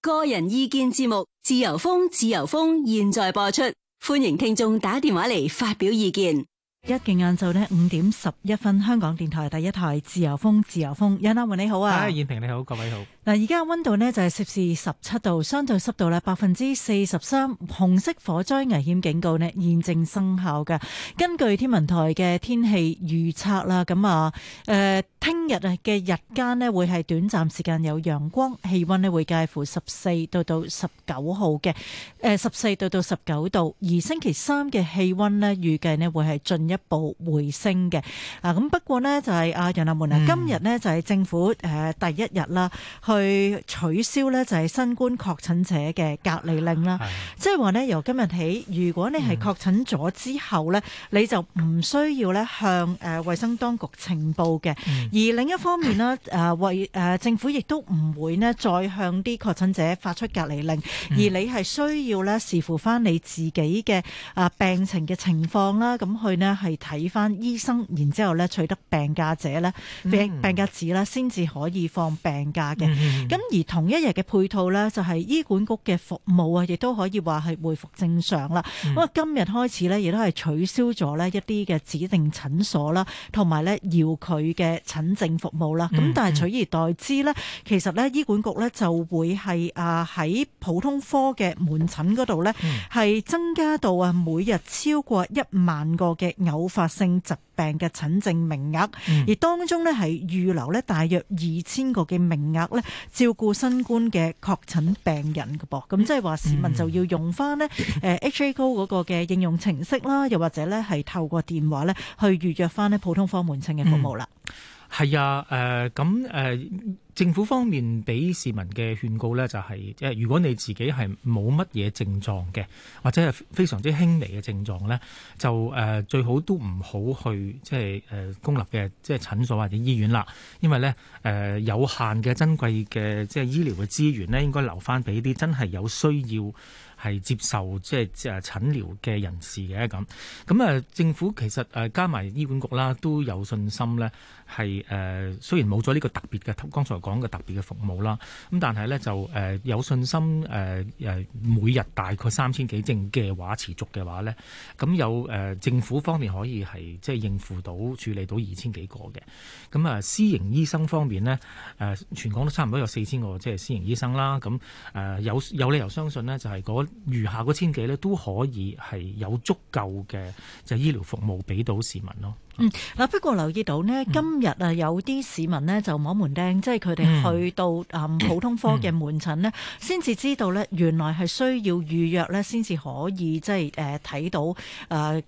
個人意見節目，自由風，自由風，現在播出。歡迎聽眾打電話嚟發表意見。一勁晏晝呢，五點十一分，香港電台第一台自由風，自由風，一達文你好啊，啊，燕平。你好，各位好。嗱，而家溫度呢，就係攝氏十七度，相對濕度呢，百分之四十三，紅色火災危險警告呢，現正生效嘅。根據天文台嘅天氣預測啦，咁啊，誒，聽日嘅日間呢，會係短暫時間有陽光，氣溫呢，會介乎十四到到十九號嘅，誒，十四到到十九度。而星期三嘅氣溫呢，預計呢，會係進一步回升嘅啊！咁不過呢，就係啊楊立門啊，今日呢，就係政府誒第一日啦，去取消呢就係新冠確診者嘅隔離令啦。即係話呢，由今日起，如果你係確診咗之後呢,你就唔需要呢向誒衛、呃、生當局呈報嘅。嗯、而另一方面、呃呃、呢，誒為誒政府亦都唔會呢再向啲確診者發出隔離令，一而你係需要呢視乎翻你自己嘅啊病情嘅情況啦，咁去呢。呢係睇翻醫生，然之後咧取得病假者咧、mm hmm. 病病假紙咧，先至可以放病假嘅。咁、mm hmm. 而同一日嘅配套呢，就係、是、醫管局嘅服務啊，亦都可以話係回復正常啦。咁啊、mm，hmm. 今日開始呢，亦都係取消咗呢一啲嘅指定診所啦，同埋呢遙距嘅診症服務啦。咁、mm hmm. 但係取而代之呢，其實呢，醫管局呢就會係啊喺普通科嘅門診嗰度呢，係、mm hmm. 增加到啊每日超過一萬個嘅誘發性疾病嘅診症名額，嗯、而當中咧係預留咧大約二千個嘅名額咧照顧新冠嘅確診病人嘅噃，咁即係話市民就要用翻咧誒 HA Go 嗰個嘅應用程式啦，又或者咧係透過電話咧去預約翻咧普通科門診嘅服務啦。嗯係啊，誒咁誒，政府方面俾市民嘅勸告咧，就係、是、即係如果你自己係冇乜嘢症狀嘅，或者係非常之輕微嘅症狀咧，就誒、呃、最好都唔好去即係誒、呃、公立嘅即係診所或者醫院啦，因為咧誒、呃、有限嘅珍貴嘅即係醫療嘅資源咧，應該留翻俾啲真係有需要係接受即係誒診療嘅人士嘅咁咁啊。政府其實誒、呃、加埋醫管局啦，都有信心咧。係誒、呃，雖然冇咗呢個特別嘅，剛才講嘅特別嘅服務啦，咁但係呢，就誒、呃、有信心誒誒、呃，每日大概三千幾症嘅話持續嘅話呢。咁有誒、呃、政府方面可以係即係應付到處理到二千幾個嘅，咁啊、呃，私營醫生方面呢，誒、呃，全港都差唔多有四千個即係私營醫生啦，咁誒、呃、有有理由相信呢，就係、是、嗰餘下嗰千幾呢都可以係有足夠嘅就是、醫療服務俾到市民咯。嗯，嗱，不過留意到咧，今日啊，有啲市民咧就摸門釘，即係佢哋去到啊、嗯、普通科嘅門診咧，先至、嗯、知道咧，原來係需要預約咧，先至可以即係誒睇到誒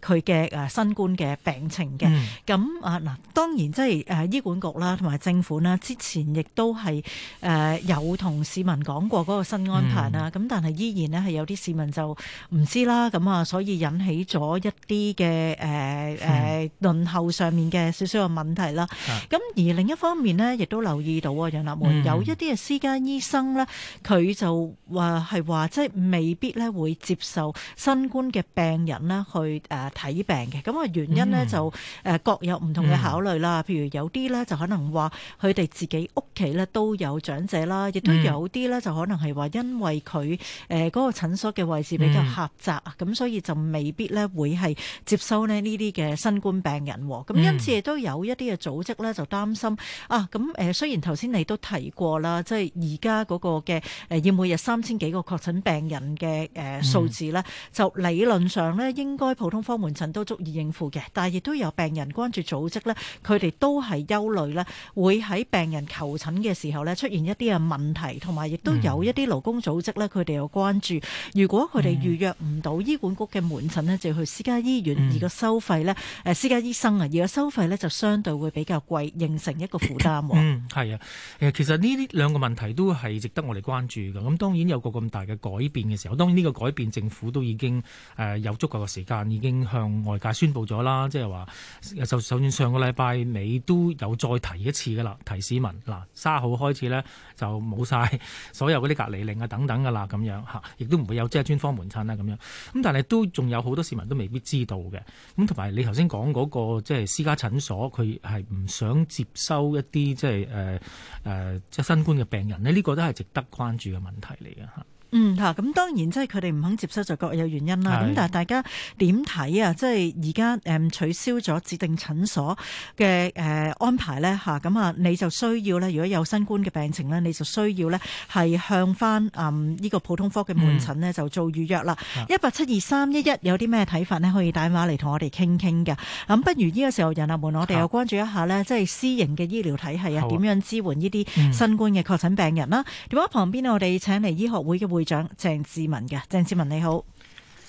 佢嘅誒新冠嘅病情嘅。咁啊嗱，當然即係誒、呃、醫管局啦，同埋政府啦，之前亦都係誒、呃、有同市民講過個新安排啦。咁、嗯、但係依然咧係有啲市民就唔知啦。咁啊，所以引起咗一啲嘅誒誒論。呃呃嗯上面嘅少少嘅問題啦，咁而另一方面咧，亦都留意到啊，楊立梅、嗯、有一啲嘅私家醫生咧，佢就話係話即係未必咧會接受新冠嘅病人咧去誒睇病嘅。咁啊原因咧、嗯、就誒各有唔同嘅考慮啦。譬、嗯、如有啲咧就可能話佢哋自己屋企咧都有長者啦，亦都、嗯、有啲咧就可能係話因為佢誒嗰個診所嘅位置比較狹窄，啊、嗯，咁所以就未必咧會係接收咧呢啲嘅新冠病人。咁、嗯、因此亦都有一啲嘅組織呢，就擔心啊。咁、嗯、誒，雖然頭先你都提過啦，即係而家嗰個嘅誒，要、呃、每日三千幾個確診病人嘅誒數字呢，嗯、就理論上呢，應該普通科門診都足以應付嘅。但係亦都有病人關注組織呢，佢哋都係憂慮呢，會喺病人求診嘅時候呢，出現一啲嘅問題，同埋亦都有一啲勞工組織呢，佢哋有關注，如果佢哋預約唔到醫管局嘅門診呢，就要去私家醫院，嗯嗯、而個收費呢，誒私家醫生。而家收費咧就相對會比較貴，形成一個負擔。 嗯，係啊，誒，其實呢啲兩個問題都係值得我哋關注嘅。咁當然有個咁大嘅改變嘅時候，當然呢個改變政府都已經誒有足夠嘅時間，已經向外界宣布咗啦，即係話就、就算上個禮拜尾都有再提一次嘅啦，提市民嗱，三、啊、號開始咧就冇晒所有嗰啲隔離令啊等等嘅啦，咁樣嚇，亦、啊、都唔會有即係專方門診啦咁樣。咁但係都仲有好多市民都未必知道嘅。咁同埋你頭先講嗰個。即係私家診所，佢係唔想接收一啲即係誒誒即係新冠嘅病人咧，呢、這個都係值得關注嘅問題嚟嘅嚇。嗯，吓、嗯，咁當然即係佢哋唔肯接收就各有原因啦。咁是但係大家點睇啊？即係而家誒取消咗指定診所嘅誒、呃、安排咧，吓、啊，咁、嗯、啊你就需要咧，如果有新冠嘅病情咧，你就需要咧係向翻誒呢個普通科嘅門診咧就做預約啦。一八七二三一一有啲咩睇法咧？可以打電話嚟同我哋傾傾嘅。咁、啊、不如呢個時候，仁阿門，我哋又關注一下咧，啊、即係私營嘅醫療體系啊，點、啊嗯、樣支援呢啲新冠嘅確診病人啦、啊？電話旁邊我哋請嚟醫學會嘅會會長鄭志文嘅。鄭志文你好，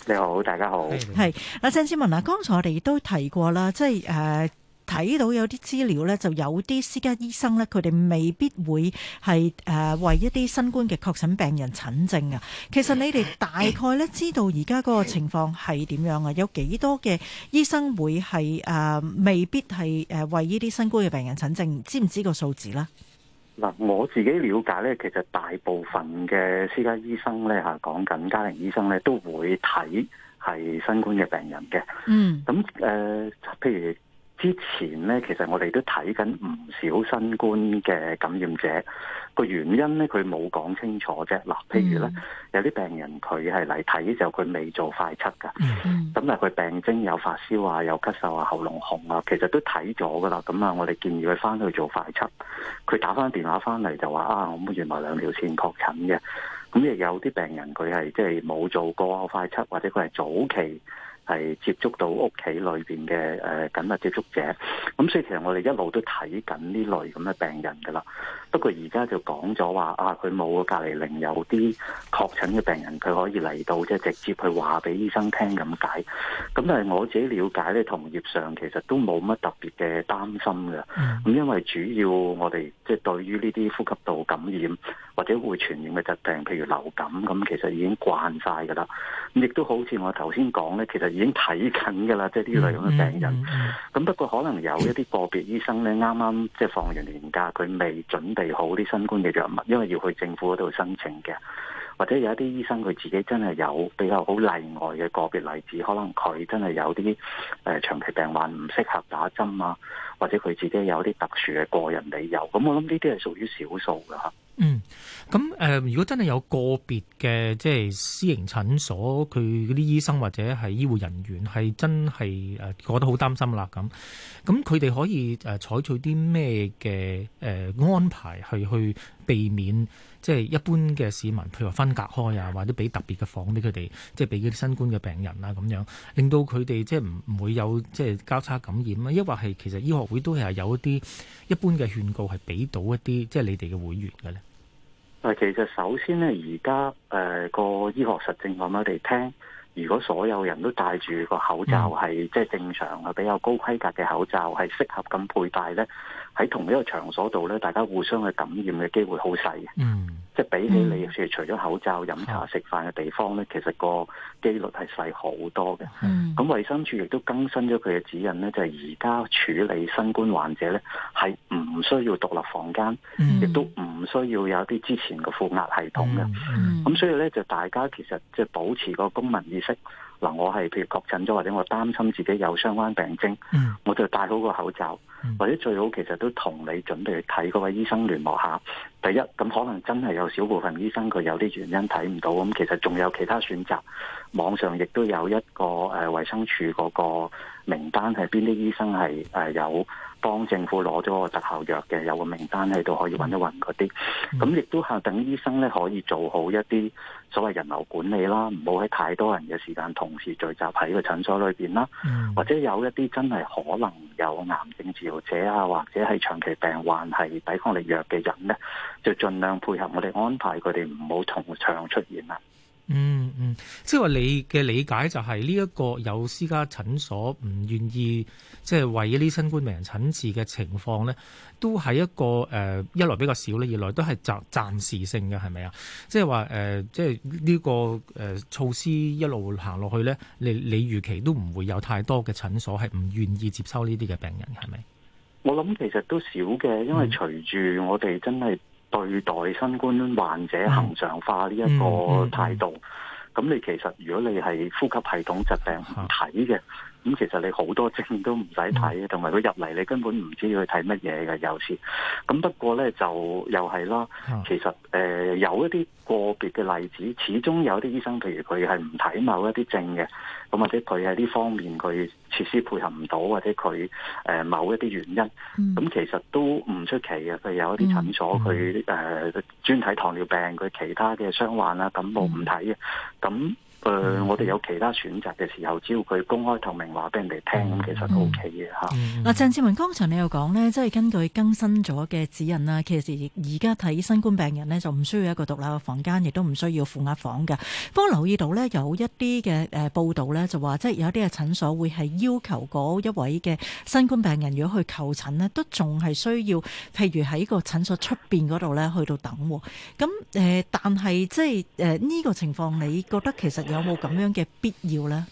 你好，大家好，係。嗱鄭志文啊，剛才我哋都提過啦，即係誒睇到有啲資料呢，就有啲私家醫生呢，佢哋未必會係誒、呃、為一啲新冠嘅確診病人診症啊。其實你哋大概呢，知道而家嗰個情況係點樣啊？有幾多嘅醫生會係誒、呃、未必係誒為呢啲新冠嘅病人診症？知唔知個數字呢？嗱，我自己了解咧，其實大部分嘅私家醫生咧，嚇講緊家庭醫生咧，都會睇係新冠嘅病人嘅。嗯，咁誒，譬如。之前咧，其實我哋都睇緊唔少新冠嘅感染者，個原因咧佢冇講清楚啫。嗱，譬如咧，mm hmm. 有啲病人佢係嚟睇嘅時候，佢未做快測噶，咁、mm hmm. 但係佢病徵有發燒啊、有咳嗽啊、喉嚨紅啊，其實都睇咗噶啦。咁啊，我哋建議佢翻去做快測，佢打翻電話翻嚟就話啊，我原來兩條線確診嘅。咁亦有啲病人佢係即係冇做過快測，或者佢係早期。係接觸到屋企裏邊嘅誒緊密接觸者，咁所以其實我哋一路都睇緊呢類咁嘅病人噶啦。不過而家就講咗話啊，佢冇個隔離，另有啲確診嘅病人佢可以嚟到，即係直接去話俾醫生聽咁解。咁但係我自己了解咧，同業上其實都冇乜特別嘅擔心嘅。咁因為主要我哋即係對於呢啲呼吸道感染或者會傳染嘅疾病，譬如流感咁，其實已經慣晒㗎啦。咁亦都好似我頭先講咧，其實已經睇緊㗎啦，即係呢類咁嘅病人。咁不過可能有一啲個別醫生咧，啱啱即係放完年假，佢未準.係好啲新冠嘅藥物，因為要去政府嗰度申請嘅，或者有一啲醫生佢自己真係有比較好例外嘅個別例子，可能佢真係有啲誒長期病患唔適合打針啊，或者佢自己有啲特殊嘅個人理由，咁，嗯，我諗呢啲係屬於少數噶吓。嗯，咁誒，如果真係有個別嘅即係私營診所，佢啲醫生或者係醫護人員係真係誒，覺得好擔心啦咁，咁佢哋可以誒採取啲咩嘅誒安排去去？避免即係一般嘅市民，譬如話分隔開啊，或者俾特別嘅房俾佢哋，即係俾啲新冠嘅病人啊咁樣，令到佢哋即係唔唔會有即係交叉感染啊。抑或係其實醫學會都係有一啲一般嘅勸告，係俾到一啲即係你哋嘅會員嘅咧。啊，其實首先咧，而家誒個醫學實證話俾我哋聽，如果所有人都戴住個口罩係即係正常啊，比較高規格嘅口罩係適合咁佩戴咧，喺同一個場所度咧，大家互相嘅感染嘅機會好細嘅。嗯，即係比起你其實除咗口罩、飲茶、食飯嘅地方咧，其實個機率係細好多嘅。嗯，咁衞生署亦都更新咗佢嘅指引咧，就係而家處理新冠患者咧，係唔需要獨立房間，亦都唔需要有啲之前嘅負壓系統嘅。嗯嗯，咁所以咧就大家其實即係保持個公民意識。嗱，我係譬如確診咗，或者我擔心自己有相關病徵，mm. 我就戴好個口罩，mm. 或者最好其實都同你準備去睇嗰位醫生聯絡下。第一，咁可能真係有少部分醫生佢有啲原因睇唔到，咁其實仲有其他選擇。網上亦都有一個誒、呃、衞生署嗰個名單，係邊啲醫生係誒、呃、有。幫政府攞咗個特效藥嘅有個名單喺度可以搵一搵嗰啲，咁亦、嗯、都係等醫生咧可以做好一啲所謂人流管理啦，唔好喺太多人嘅時間同時聚集喺個診所裏邊啦，嗯、或者有一啲真係可能有癌症治療者啊，或者係長期病患係抵抗力弱嘅人咧，就盡量配合我哋安排佢哋唔好同場出現啦。嗯嗯，即係話，你嘅理解就係呢一個有私家診所唔願意即係、就是、為呢啲新冠病人診治嘅情況咧，都係一個誒、呃、一來比較少咧，二來都係暫暫時性嘅，係咪啊？即係話，誒即係呢個誒、呃、措施一路行落去咧，你你預期都唔會有太多嘅診所係唔願意接收呢啲嘅病人，係咪？我諗其實都少嘅，因為隨住我哋真係。嗯對待新冠患者恒常化呢一個態度，咁你其實如果你係呼吸系統疾病唔睇嘅。咁其實你好多症都唔使睇，同埋佢入嚟你根本唔知佢睇乜嘢嘅有時。咁不過咧就又係啦，其實誒、呃、有一啲個別嘅例子，始終有啲醫生譬如佢係唔睇某一啲症嘅，咁或者佢喺呢方面佢設施配合唔到，或者佢誒、呃、某一啲原因，咁、嗯、其實都唔出奇嘅。佢有一啲診所佢誒、嗯呃、專睇糖尿病，佢其他嘅傷患啊、感冒唔睇嘅，咁、嗯。嗯嗯。誒，呃 mm hmm. 我哋有其他選擇嘅時候，只要佢公開透明話俾人哋聽，咁其實都 OK 嘅吓。嗱、mm，鄭、hmm. mm hmm. 志文剛才你又講呢，即係根據更新咗嘅指引啦，其實而家睇新冠病人呢，就唔需要一個獨立嘅房間，亦都唔需要負壓房嘅。不過留意到呢，有一啲嘅誒報道咧，就話即係有一啲嘅診所會係要求嗰一位嘅新冠病人如果去求診呢，都仲係需要，譬如喺個診所出邊嗰度呢，去到等、啊。咁誒、呃，但係即係誒呢個情況，你覺得其實？有冇咁樣嘅必要呢？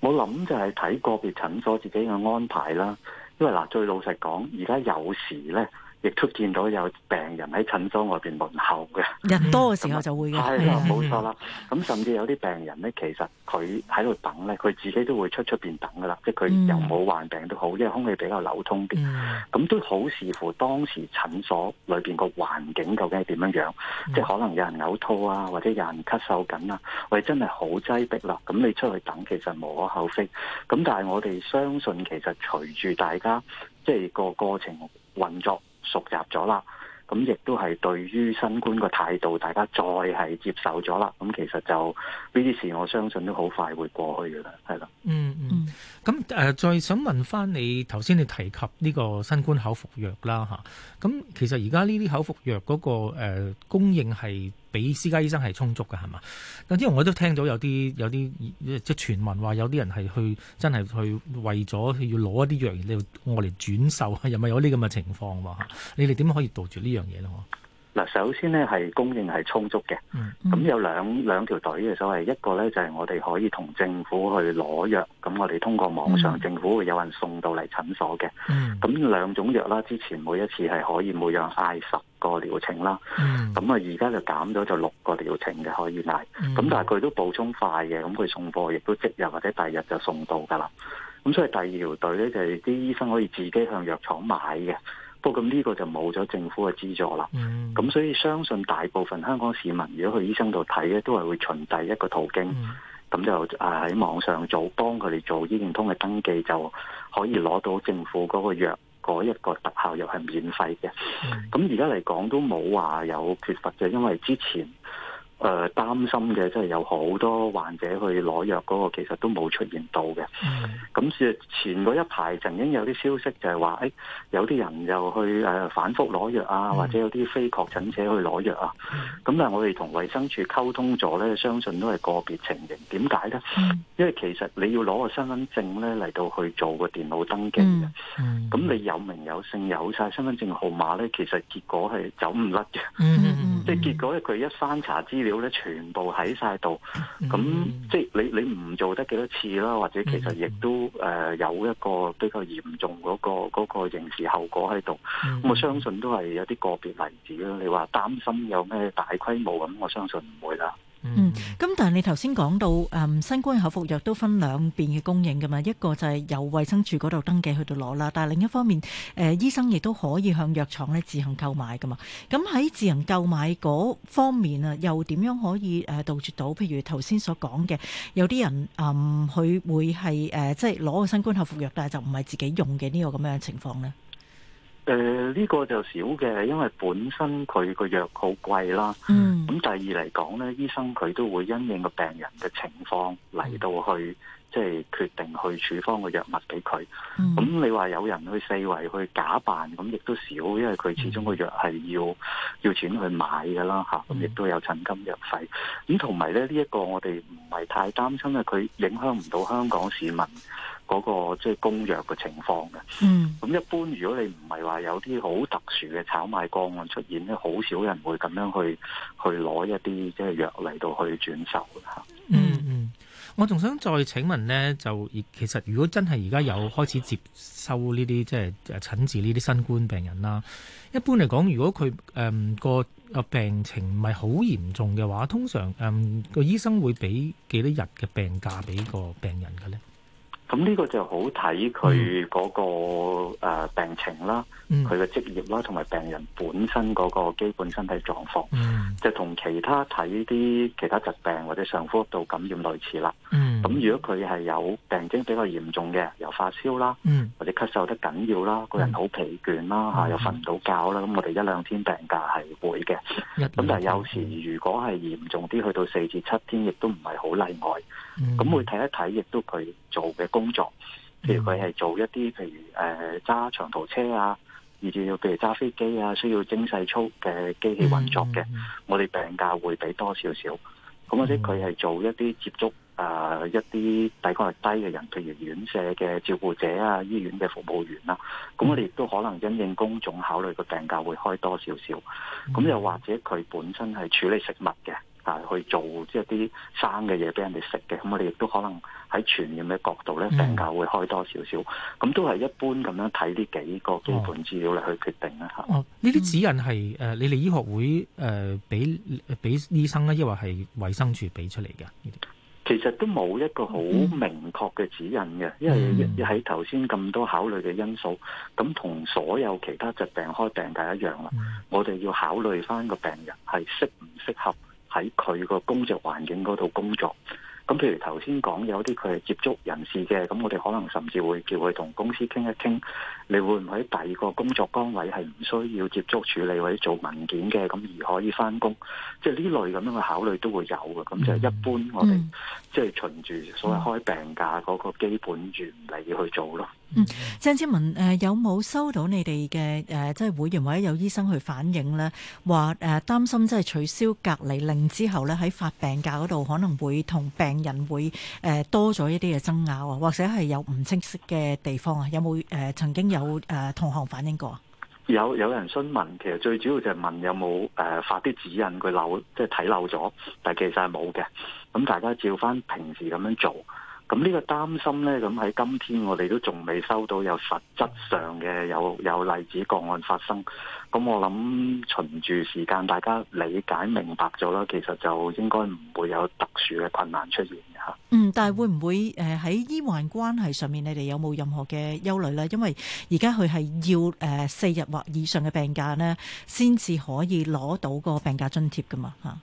我諗就係睇個別診所自己嘅安排啦。因為嗱，最老實講，而家有時呢。亦都見到有病人喺診所外邊門口嘅，人多嘅時候就會係啦，冇錯啦。咁甚至有啲病人咧，其實佢喺度等咧，佢自己都會出出邊等噶啦，嗯、即係佢又冇患病都好，因為空氣比較流通啲，咁、嗯、都好視乎當時診所裏邊個環境究竟係點樣樣，嗯、即係可能有人嘔、呃、吐啊，或者有人咳嗽緊啊，或真係好擠迫啦。咁你出去等其實無可厚非。咁但係我哋相信，其實隨住大家即係個過程運作。熟習咗啦，咁亦都係對於新冠個態度，大家再係接受咗啦。咁其實就呢啲事，我相信都好快會過去嘅啦，係啦、嗯。嗯嗯，咁誒、呃，再想問翻你，頭先你提及呢個新冠口服藥啦嚇，咁、啊啊、其實而家呢啲口服藥嗰、那個、呃、供應係俾私家醫生係充足嘅係嘛？嗱，因為我都聽到有啲有啲即傳聞話有啲人係去真係去為咗要攞一啲藥，你我嚟轉售。 又咪有呢咁嘅情況喎，啊？你哋點樣可以杜絕呢樣嘢咧？嗱，首先咧係供應係充足嘅，咁、嗯、有兩兩條隊嘅所謂，一個咧就係我哋可以同政府去攞藥，咁我哋通過網上，嗯、政府會有人送到嚟診所嘅。咁、嗯、兩種藥啦，之前每一次係可以每樣嗌十個療程啦，咁啊而家就減咗就六個療程嘅可以嗌，咁但係佢都補充快嘅，咁佢送貨亦都即日或者第二日就送到噶啦。咁所以第二條隊咧就係啲醫生可以自己向藥廠買嘅。不過呢個就冇咗政府嘅資助啦，咁、mm hmm. 所以相信大部分香港市民如果去醫生度睇咧，都係會循第一個途徑，咁、mm hmm. 就啊喺網上做幫佢哋做醫健通嘅登記，就可以攞到政府嗰個藥嗰一個特效藥係免費嘅。咁而家嚟講都冇話有，有缺乏嘅，因為之前。誒，擔心嘅即係有好多患者去攞藥嗰個，其實都冇出現到嘅。咁即係前嗰一排曾經有啲消息就係話，誒有啲人又去誒反覆攞藥啊，或者有啲非確診者去攞藥啊。咁但係我哋同衛生署溝通咗咧，相信都係個別情形。點解咧？因為其實你要攞個身份證咧嚟到去做個電腦登記嘅。咁你有名有姓有晒身份證號碼咧，其實結果係走唔甩嘅。即係結果咧，佢一翻查之。料咧、 嗯、全部喺晒度，咁即係你你唔做得幾多次啦，或者其實亦都誒有一個比較嚴重嗰個嗰個刑事後果喺度，咁我相信都係有啲個別例子啦。你話擔心有咩大規模咁，我相信唔會啦。嗯，咁但係你頭先講到，誒、嗯，新冠口服藥都分兩邊嘅供應噶嘛，一個就係由衛生署嗰度登記去到攞啦，但係另一方面，誒、呃，醫生亦都可以向藥廠咧自行購買噶嘛。咁喺自行購買嗰方面啊，又點樣可以誒杜、呃、絕到，譬如頭先所講嘅，有啲人誒，佢、嗯、會係誒、呃，即係攞個新冠口服藥，但係就唔係自己用嘅呢、這個咁樣嘅情況呢。誒，呢、呃，這個就少嘅，因為本身佢個藥好貴啦。嗯。咁第二嚟講咧，醫生佢都會因應個病人嘅情況嚟到去，嗯、即係決定去處方個藥物俾佢。咁、嗯嗯、你話有人去四圍去假扮，咁亦都少，因為佢始終個藥係要、嗯、要錢去買㗎啦吓，咁亦、嗯、都有診金藥費。咁同埋咧，呢一、這個我哋唔係太擔心啊，佢影響唔到香港市民。嗰個即係供藥嘅情況嘅，嗯，咁一般如果你唔係話有啲好特殊嘅炒賣個案出現咧，好少人會咁樣去去攞一啲即係藥嚟到去轉售啦。嗯嗯，我仲想再請問呢，就其實如果真係而家有開始接收呢啲即係診治呢啲新冠病人啦，一般嚟講，如果佢誒個個病情唔係好嚴重嘅話，通常誒個、嗯、醫生會俾幾多日嘅病假俾個病人嘅咧？咁呢個就好睇佢嗰個誒病情啦，佢嘅職業啦，同埋病人本身嗰個基本身體狀況，就同其他睇呢啲其他疾病或者上呼吸道感染類似啦。咁如果佢係有病徵比較嚴重嘅，有發燒啦，或者咳嗽得緊要啦，個人好疲倦啦，吓又瞓唔到覺啦，咁我哋一兩天病假係會嘅。咁但係有時如果係嚴重啲，去到四至七天，亦都唔係好例外。咁、嗯、會睇一睇，亦都佢做嘅工作，譬如佢係做一啲，譬如誒揸，呃、長途車啊，而仲要譬如揸飛機啊，需要精細操嘅機器運作嘅，嗯嗯、我哋病假會俾多少少。咁、嗯、或者佢係做一啲接觸啊、呃、一啲，抵抗力低嘅人，譬如院舍嘅照顧者啊，醫院嘅服務員啦、啊，咁我哋亦都可能因應工種考慮個病假會開多少少。咁又、嗯嗯、或者佢本身係處理食物嘅。但係去做即係啲生嘅嘢俾人哋食嘅，咁我哋亦都可能喺傳染嘅角度咧，嗯、病假會開多少少，咁都係一般咁樣睇呢幾個基本資料嚟去決定啦吓。哦，呢啲指引係誒、呃，你哋醫學會誒，俾、呃、俾醫生咧，抑或係衛生署俾出嚟嘅？呢啲？其實都冇一個好明確嘅指引嘅，嗯、因為喺頭先咁多考慮嘅因素，咁同、嗯、所有其他疾病開病假一樣啦。嗯、我哋要考慮翻個病人係適唔適合。喺佢個工作環境嗰度工作，咁譬如頭先講有啲佢係接觸人士嘅，咁我哋可能甚至會叫佢同公司傾一傾，你會唔會喺第二個工作崗位係唔需要接觸處理或者做文件嘅，咁而可以翻工？即係呢類咁樣嘅考慮都會有嘅。咁就一般我哋即係循住所謂開病假嗰個基本原理去做咯。嗯，鄭志文誒、呃、有冇收到你哋嘅誒，即係會員或者有醫生去反映咧，話誒、呃、擔心即係取消隔離令之後咧，喺發病假嗰度可能會同病人會誒、呃、多咗一啲嘅爭拗啊，或者係有唔清晰嘅地方啊？有冇誒、呃、曾經有誒、呃、同行反映過？有有人詢問，其實最主要就係問有冇誒發啲指引佢漏，即係睇漏咗，但其實冇嘅。咁大家照翻平時咁樣做。咁呢個擔心呢，咁喺今天我哋都仲未收到有實質上嘅有有例子個案發生。咁我諗循住時間，大家理解明白咗啦，其實就應該唔會有特殊嘅困難出現吓。嗯，但係會唔會誒喺、呃、醫患關係上面，你哋有冇任何嘅憂慮呢？因為而家佢係要誒四、呃、日或以上嘅病假呢，先至可以攞到個病假津貼噶嘛吓。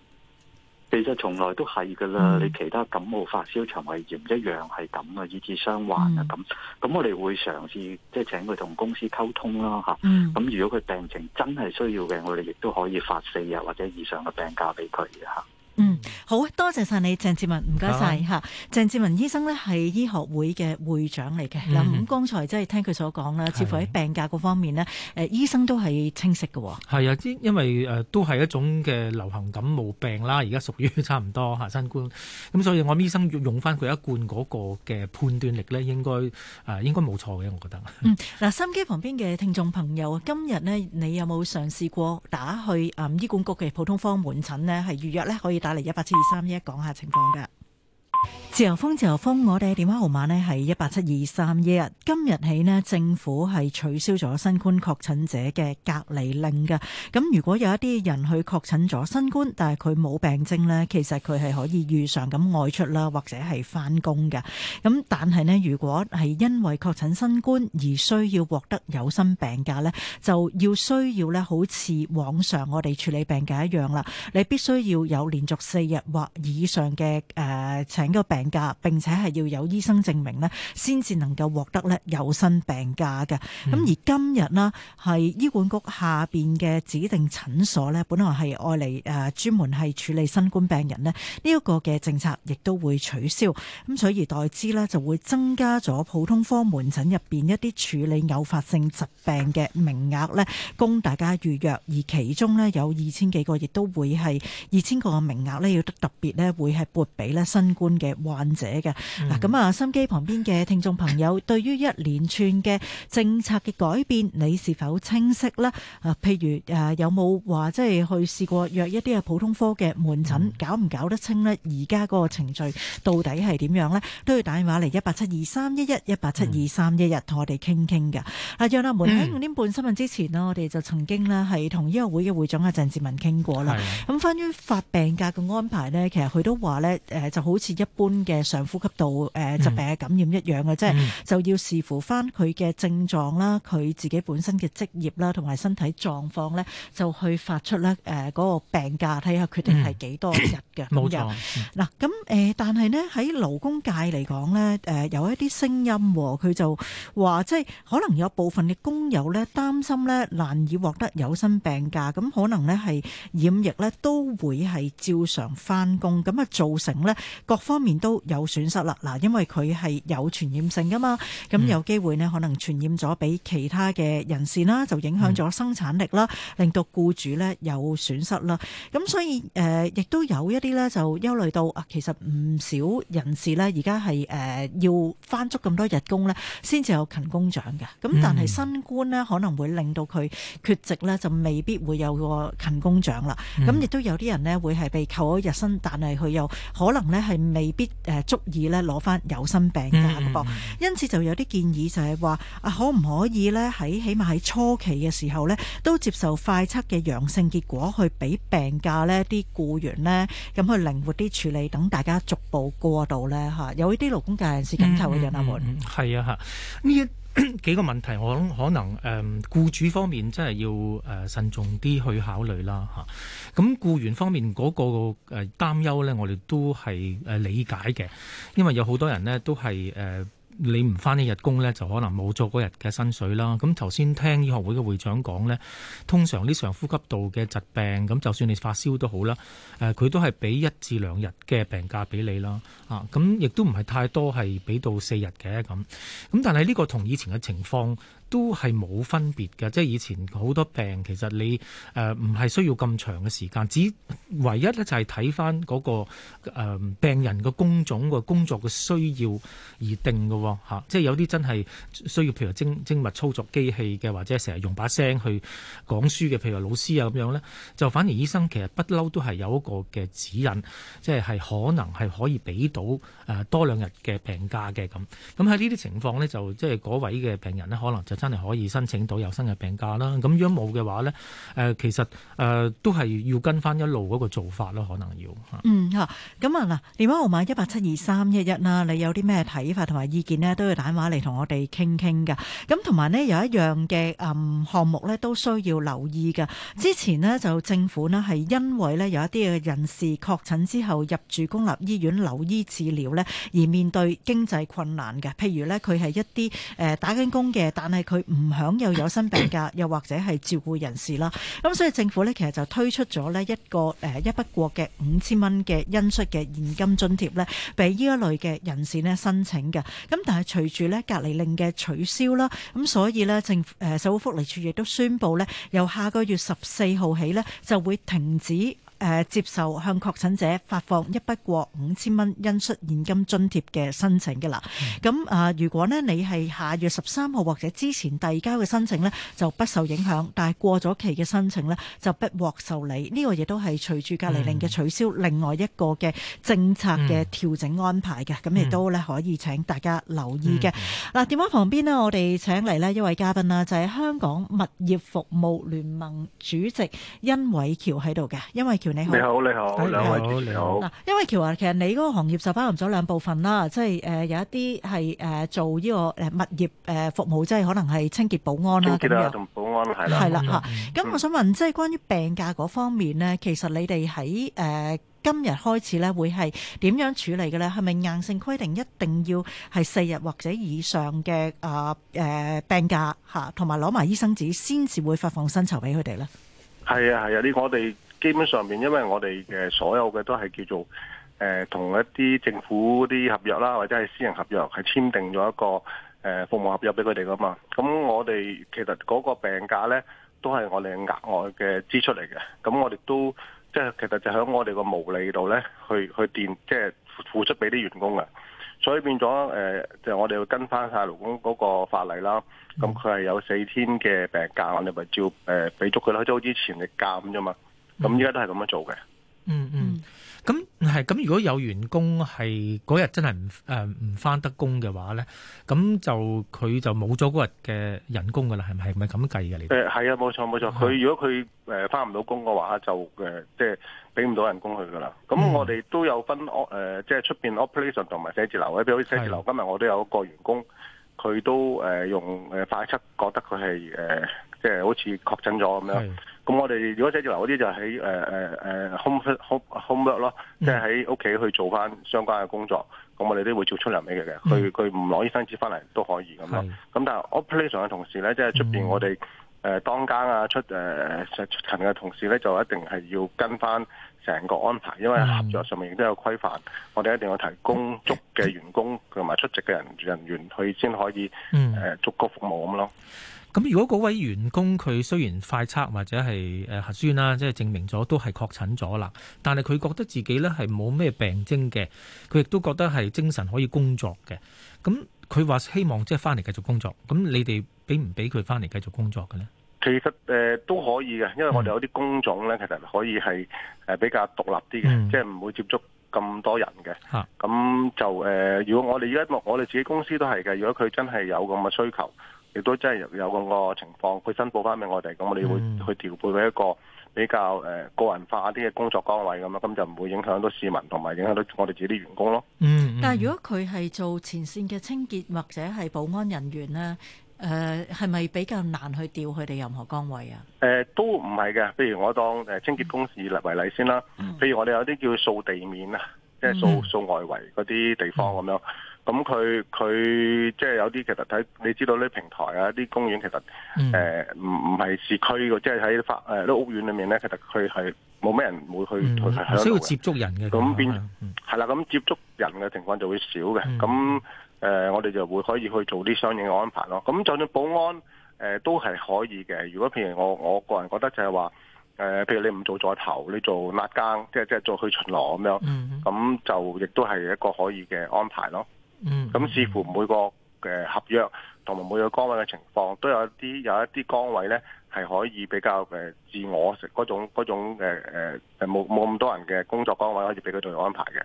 其實從來都係噶啦，你、嗯、其他感冒、發燒、腸胃炎一樣係咁啊，以致傷患啊咁。咁、嗯、我哋會嘗試即係請佢同公司溝通啦、啊，吓、嗯。咁如果佢病情真係需要嘅，我哋亦都可以發四日或者以上嘅病假俾佢吓。嗯，好多謝晒你，鄭志文，唔該晒吓。啊、鄭志文醫生咧係醫學會嘅會長嚟嘅，嗱咁剛才即係聽佢所講咧，似乎喺病假嗰方面咧，誒的醫生都係清晰嘅。係啊，因因為誒、呃、都係一種嘅流行感冒病啦，而家屬於差唔多係新冠，咁、嗯、所以我阿醫生用用翻佢一貫嗰個嘅判斷力咧、呃，應該誒應該冇錯嘅，我覺得。嗱、嗯呃，心機旁邊嘅聽眾朋友啊，今日咧你有冇嘗試過打去誒醫管局嘅普通科門診呢？係預約呢？可以？打嚟一八七二三一一講下情況噶。自由風，自由風，我哋嘅電話號碼呢係一八七二三一一。今日起呢，政府係取消咗新冠確診者嘅隔離令㗎。咁如果有一啲人去確診咗新冠，但係佢冇病徵呢，其實佢係可以如常咁外出啦，或者係返工㗎。咁但係呢，如果係因為確診新冠而需要獲得有薪病假呢，就要需要呢，好似往常我哋處理病假一樣啦。你必須要有連續四日或以上嘅誒、呃、請。個病假，並且係要有醫生證明咧，先至能夠獲得咧有薪病假嘅。咁、嗯、而今日咧，係醫管局下邊嘅指定診所咧，本來係愛嚟誒專門係處理新冠病人咧，呢一個嘅政策亦都會取消。咁取而代之咧，就會增加咗普通科門診入邊一啲處理偶發性疾病嘅名額咧，供大家預約。而其中咧有二千幾個，亦都會係二千個嘅名額咧，要特別咧會係撥俾咧新冠。嘅患者嘅。嗱咁啊，心機旁邊嘅聽眾朋友，對於一連串嘅政策嘅改變，你是否清晰咧？啊，譬如誒，有冇話即係去試過約一啲嘅普通科嘅門診搞唔搞得清咧？而家嗰個程序到底係點樣咧？都要打電話嚟一八七二三一一一八七二三一一同我哋傾傾嘅。阿楊阿門喺五點半新聞之前咧，我哋就曾經咧係同醫學會嘅會長阿鄭志文傾過啦。咁關於發病假嘅安排咧，其實佢都話咧誒，就好似一般嘅上呼吸道誒疾病嘅感染一樣嘅，即係就要視乎翻佢嘅症狀啦，佢自己本身嘅職業啦，同埋身體狀況咧，就去發出咧誒嗰個病假，睇下決定係幾多日嘅。咁樣。冇錯。嗱，咁誒，但係咧喺勞工界嚟講咧，誒有一啲聲音，佢就話即係可能有部分嘅工友咧擔心咧難以獲得有薪病假，咁可能咧係染疫咧都會係照常翻工，咁啊造成咧各方。面都有損失啦，嗱，因為佢係有傳染性噶嘛，咁有機會咧可能傳染咗俾其他嘅人士啦，就影響咗生產力啦，令到僱主咧有損失啦。咁所以誒，亦都有一啲咧就憂慮到啊，其實唔少人士咧而家係誒要翻足咁多日工咧，先至有勤工獎嘅。咁但係新冠咧可能會令到佢缺席咧，就未必會有個勤工獎啦。咁亦都有啲人咧會係被扣咗日薪，但係佢又可能咧係未。未必誒足以咧攞翻有薪病假個，嗯、因此就有啲建議就係話啊，可唔可以咧喺起碼喺初期嘅時候咧，都接受快測嘅陽性結果去俾病假咧啲僱員咧，咁去靈活啲處理，等大家逐步過渡咧嚇，有啲勞工界人士緊扣嘅人啊們，嗯，係啊嚇。幾個問題，我諗可能誒僱主方面真係要誒慎重啲去考慮啦嚇。咁僱員方面嗰個誒擔憂呢，我哋都係誒理解嘅，因為有好多人呢都係誒。你唔翻一日工呢，就可能冇咗嗰日嘅薪水啦。咁頭先聽醫學會嘅會長講呢，通常啲上呼吸道嘅疾病，咁就算你發燒都好啦，誒佢都係俾一至兩日嘅病假俾你啦。啊，咁亦都唔係太多係俾到四日嘅咁。咁但係呢個同以前嘅情況，都係冇分別嘅，即係以前好多病其實你誒唔係需要咁長嘅時間，只唯一咧就係睇翻嗰個、呃、病人嘅工種，個工作嘅需要而定嘅喎、啊、即係有啲真係需要譬如精精密操作機器嘅，或者成日用把聲去講書嘅，譬如話老師啊咁樣咧，就反而醫生其實不嬲都係有一個嘅指引，即係係可能係可以俾到誒、呃、多兩日嘅病假嘅咁。咁喺呢啲情況咧，就即係嗰位嘅病人咧，可能就。真係可以申請到有薪嘅病假啦。咁如果冇嘅話呢，誒、呃、其實誒、呃、都係要跟翻一路嗰個做法咯，可能要嚇、嗯。嗯嚇。咁啊嗱，電話號碼一八七二三一一啦。你有啲咩睇法同埋意見呢？都要打電話嚟同我哋傾傾㗎。咁同埋呢，有一樣嘅誒、嗯、項目呢，都需要留意㗎。之前呢，就政府呢，係因為呢有一啲嘅人士確診之後入住公立醫院留醫治療呢，而面對經濟困難嘅。譬如呢，佢係一啲誒、呃、打緊工嘅，但係。佢唔享有有薪病假，又或者係照顧人士啦。咁、嗯、所以政府呢，其實就推出咗呢一個誒、呃、一筆過嘅五千蚊嘅恩恤嘅現金津貼呢，俾呢一類嘅人士呢申請嘅。咁、嗯、但係隨住呢隔離令嘅取消啦，咁、嗯、所以呢，政府、呃、社會福利署亦都宣布呢，由下個月十四號起呢，就會停止誒接受向確診者發放一筆過五千蚊恩恤現金津貼嘅申請嘅啦，咁啊、嗯，如果呢，你係下月十三號或者之前遞交嘅申請呢，就不受影響；嗯、但係過咗期嘅申請呢，就不獲受理。呢、這個亦都係隨住隔離令嘅取消，另外一個嘅政策嘅調整安排嘅，咁亦、嗯嗯、都咧可以請大家留意嘅。嗱、嗯，電話旁邊呢，我哋請嚟呢一位嘉賓啦，就係、是、香港物業服務聯盟主席甄韋喬喺度嘅，甄韋喬。你好，你好，兩位你好。嗱，因為韋喬，其實你嗰個行業就包含咗兩部分啦，即係誒有一啲係誒做呢個誒物業誒服務，即係可能係清潔保安啦咁樣。清潔啊，又同埋保安，係啦。係啦吓，咁我想問，即係關於病假嗰方面呢，其實你哋喺誒今日開始咧，會係點樣處理嘅咧？係咪硬性規定一定要係四日或者以上嘅啊誒病假吓，同埋攞埋醫生紙，先至會發放薪酬俾佢哋咧？係啊係啊，呢個我哋。基本上面，因為我哋嘅所有嘅都係叫做誒同、呃、一啲政府啲合約啦，或者係私人合約，係簽訂咗一個誒、呃、服務合約俾佢哋噶嘛。咁我哋其實嗰個病假咧，都係我哋額外嘅支出嚟嘅。咁我哋都即係其實就喺我哋個毛利度咧，去去墊即係付出俾啲員工嘅。所以變咗誒、呃，就我哋要跟翻晒勞工嗰個法例啦。咁佢係有四天嘅病假，我哋咪照誒俾足佢啦。即、呃、係好似全日制啫嘛。咁依家都係咁樣做嘅，嗯。嗯嗯，咁係咁，如果有員工係嗰日真係唔誒唔返得工嘅話咧，咁就佢就冇咗嗰日嘅人工噶啦，係咪係咪咁計嘅你？誒係、呃、啊，冇錯冇錯。佢如果佢誒返唔到工嘅話，就誒即係俾唔到人工佢噶啦。咁我哋都有分我即係出邊 operation 同埋寫字樓嘅，比、呃、如、呃、寫字樓。字樓的今日我都有一個員工，佢都誒、呃、用誒快測，覺得佢係誒即係好似確診咗咁樣。的咁我哋如果寫字樓嗰啲就喺誒誒誒 home home home work 咯，mm. 即係喺屋企去做翻相關嘅工作，咁我哋都會做出糧俾佢嘅，佢佢唔攞醫生紙翻嚟都可以咁咯。咁是但係 operation 嘅同事咧，即係、uh, 啊、出邊我哋誒當間啊出誒上出勤嘅同事咧，就一定係要跟翻成個安排，因為合作上面亦都有規範，mm. 我哋一定要提供足嘅員工同埋出席嘅人人員，佢先可以誒、uh, 足夠服務咁咯。咁如果嗰位員工佢雖然快測或者係誒核酸啦，即係證明咗都係確診咗啦，但係佢覺得自己咧係冇咩病徵嘅，佢亦都覺得係精神可以工作嘅。咁佢話希望即係返嚟繼續工作。咁你哋俾唔俾佢返嚟繼續工作嘅咧？其實誒、呃、都可以嘅，因為我哋有啲工種咧，其實可以係誒比較獨立啲嘅，嗯、即係唔會接觸咁多人嘅。咁就誒、呃，如果我哋依家我哋自己公司都係嘅，如果佢真係有咁嘅需求。亦都真係有咁個情況，佢申報翻俾我哋，咁我哋會去調配一個比較誒個人化啲嘅工作崗位咁啊，咁就唔會影響到市民，同埋影響到我哋自己啲員工咯、嗯。嗯，但係如果佢係做前綫嘅清潔或者係保安人員咧，誒係咪比較難去調佢哋任何崗位啊？誒、呃，都唔係嘅。譬如我當誒清潔公司嚟為例先啦，譬如我哋有啲叫掃地面啊，即係掃掃外圍嗰啲地方咁樣。咁佢佢即係有啲，其實睇你知道呢平台啊、啲公園其、嗯呃，其實誒唔唔係市區嘅，即係喺發誒啲屋苑裏面咧，其實佢係冇咩人會去。你需要接觸人嘅，咁變係啦，咁、嗯、接觸人嘅情況就會少嘅。咁誒、嗯呃，我哋就會可以去做啲相應嘅安排咯。咁就算保安誒、呃、都係可以嘅。如果譬如我，我個人覺得就係話誒，譬如你唔做咗頭，你做辣更，即係即係做去巡邏咁樣，咁、嗯、就亦都係一個可以嘅安排咯。嗯，咁、mm hmm. 似乎每個嘅合約同埋每個崗位嘅情況，都有啲有一啲崗位咧，係可以比較誒自我食嗰種嗰種誒誒誒冇冇咁多人嘅工作崗位，可以俾佢做安排嘅。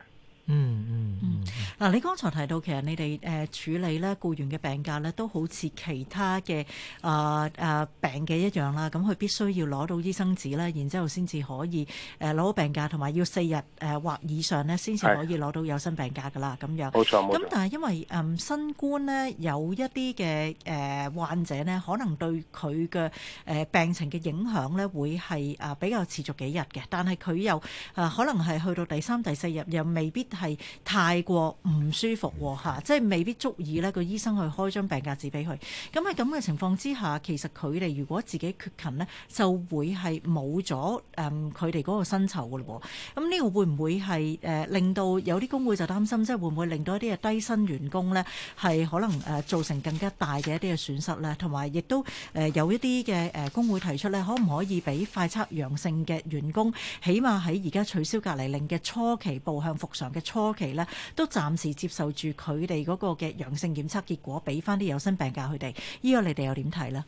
嗱，你剛才提到其實你哋誒、呃、處理咧僱員嘅病假咧，都好似其他嘅啊啊病嘅一樣啦。咁佢必須要攞到醫生紙啦，然之後先至可以誒攞到病假，同埋要四日誒或、呃、以上咧，先至可以攞到有薪病假噶啦。咁是樣冇錯。咁但係因為嗯、呃、新冠咧有一啲嘅誒患者咧，可能對佢嘅誒病情嘅影響咧，會係啊、呃、比較持續幾日嘅。但係佢又啊、呃、可能係去到第三、第四日，又未必係太過。唔舒服喎嚇，即係未必足以咧個醫生去開張病假紙俾佢。咁喺咁嘅情況之下，其實佢哋如果自己缺勤咧，就會係冇咗誒佢哋嗰個薪酬噶咯。咁呢個會唔會係誒令到有啲工會就擔心，即係會唔會令到一啲嘅低薪員工咧係可能誒造成更加大嘅一啲嘅損失咧？同埋亦都誒有一啲嘅誒工會提出咧，可唔可以俾快測陽性嘅員工，起碼喺而家取消隔離令嘅初期步向復常嘅初期咧，都暫。是接受住佢哋嗰個嘅陽性檢測結果，俾翻啲有薪病假佢哋。呢個你哋又點睇咧？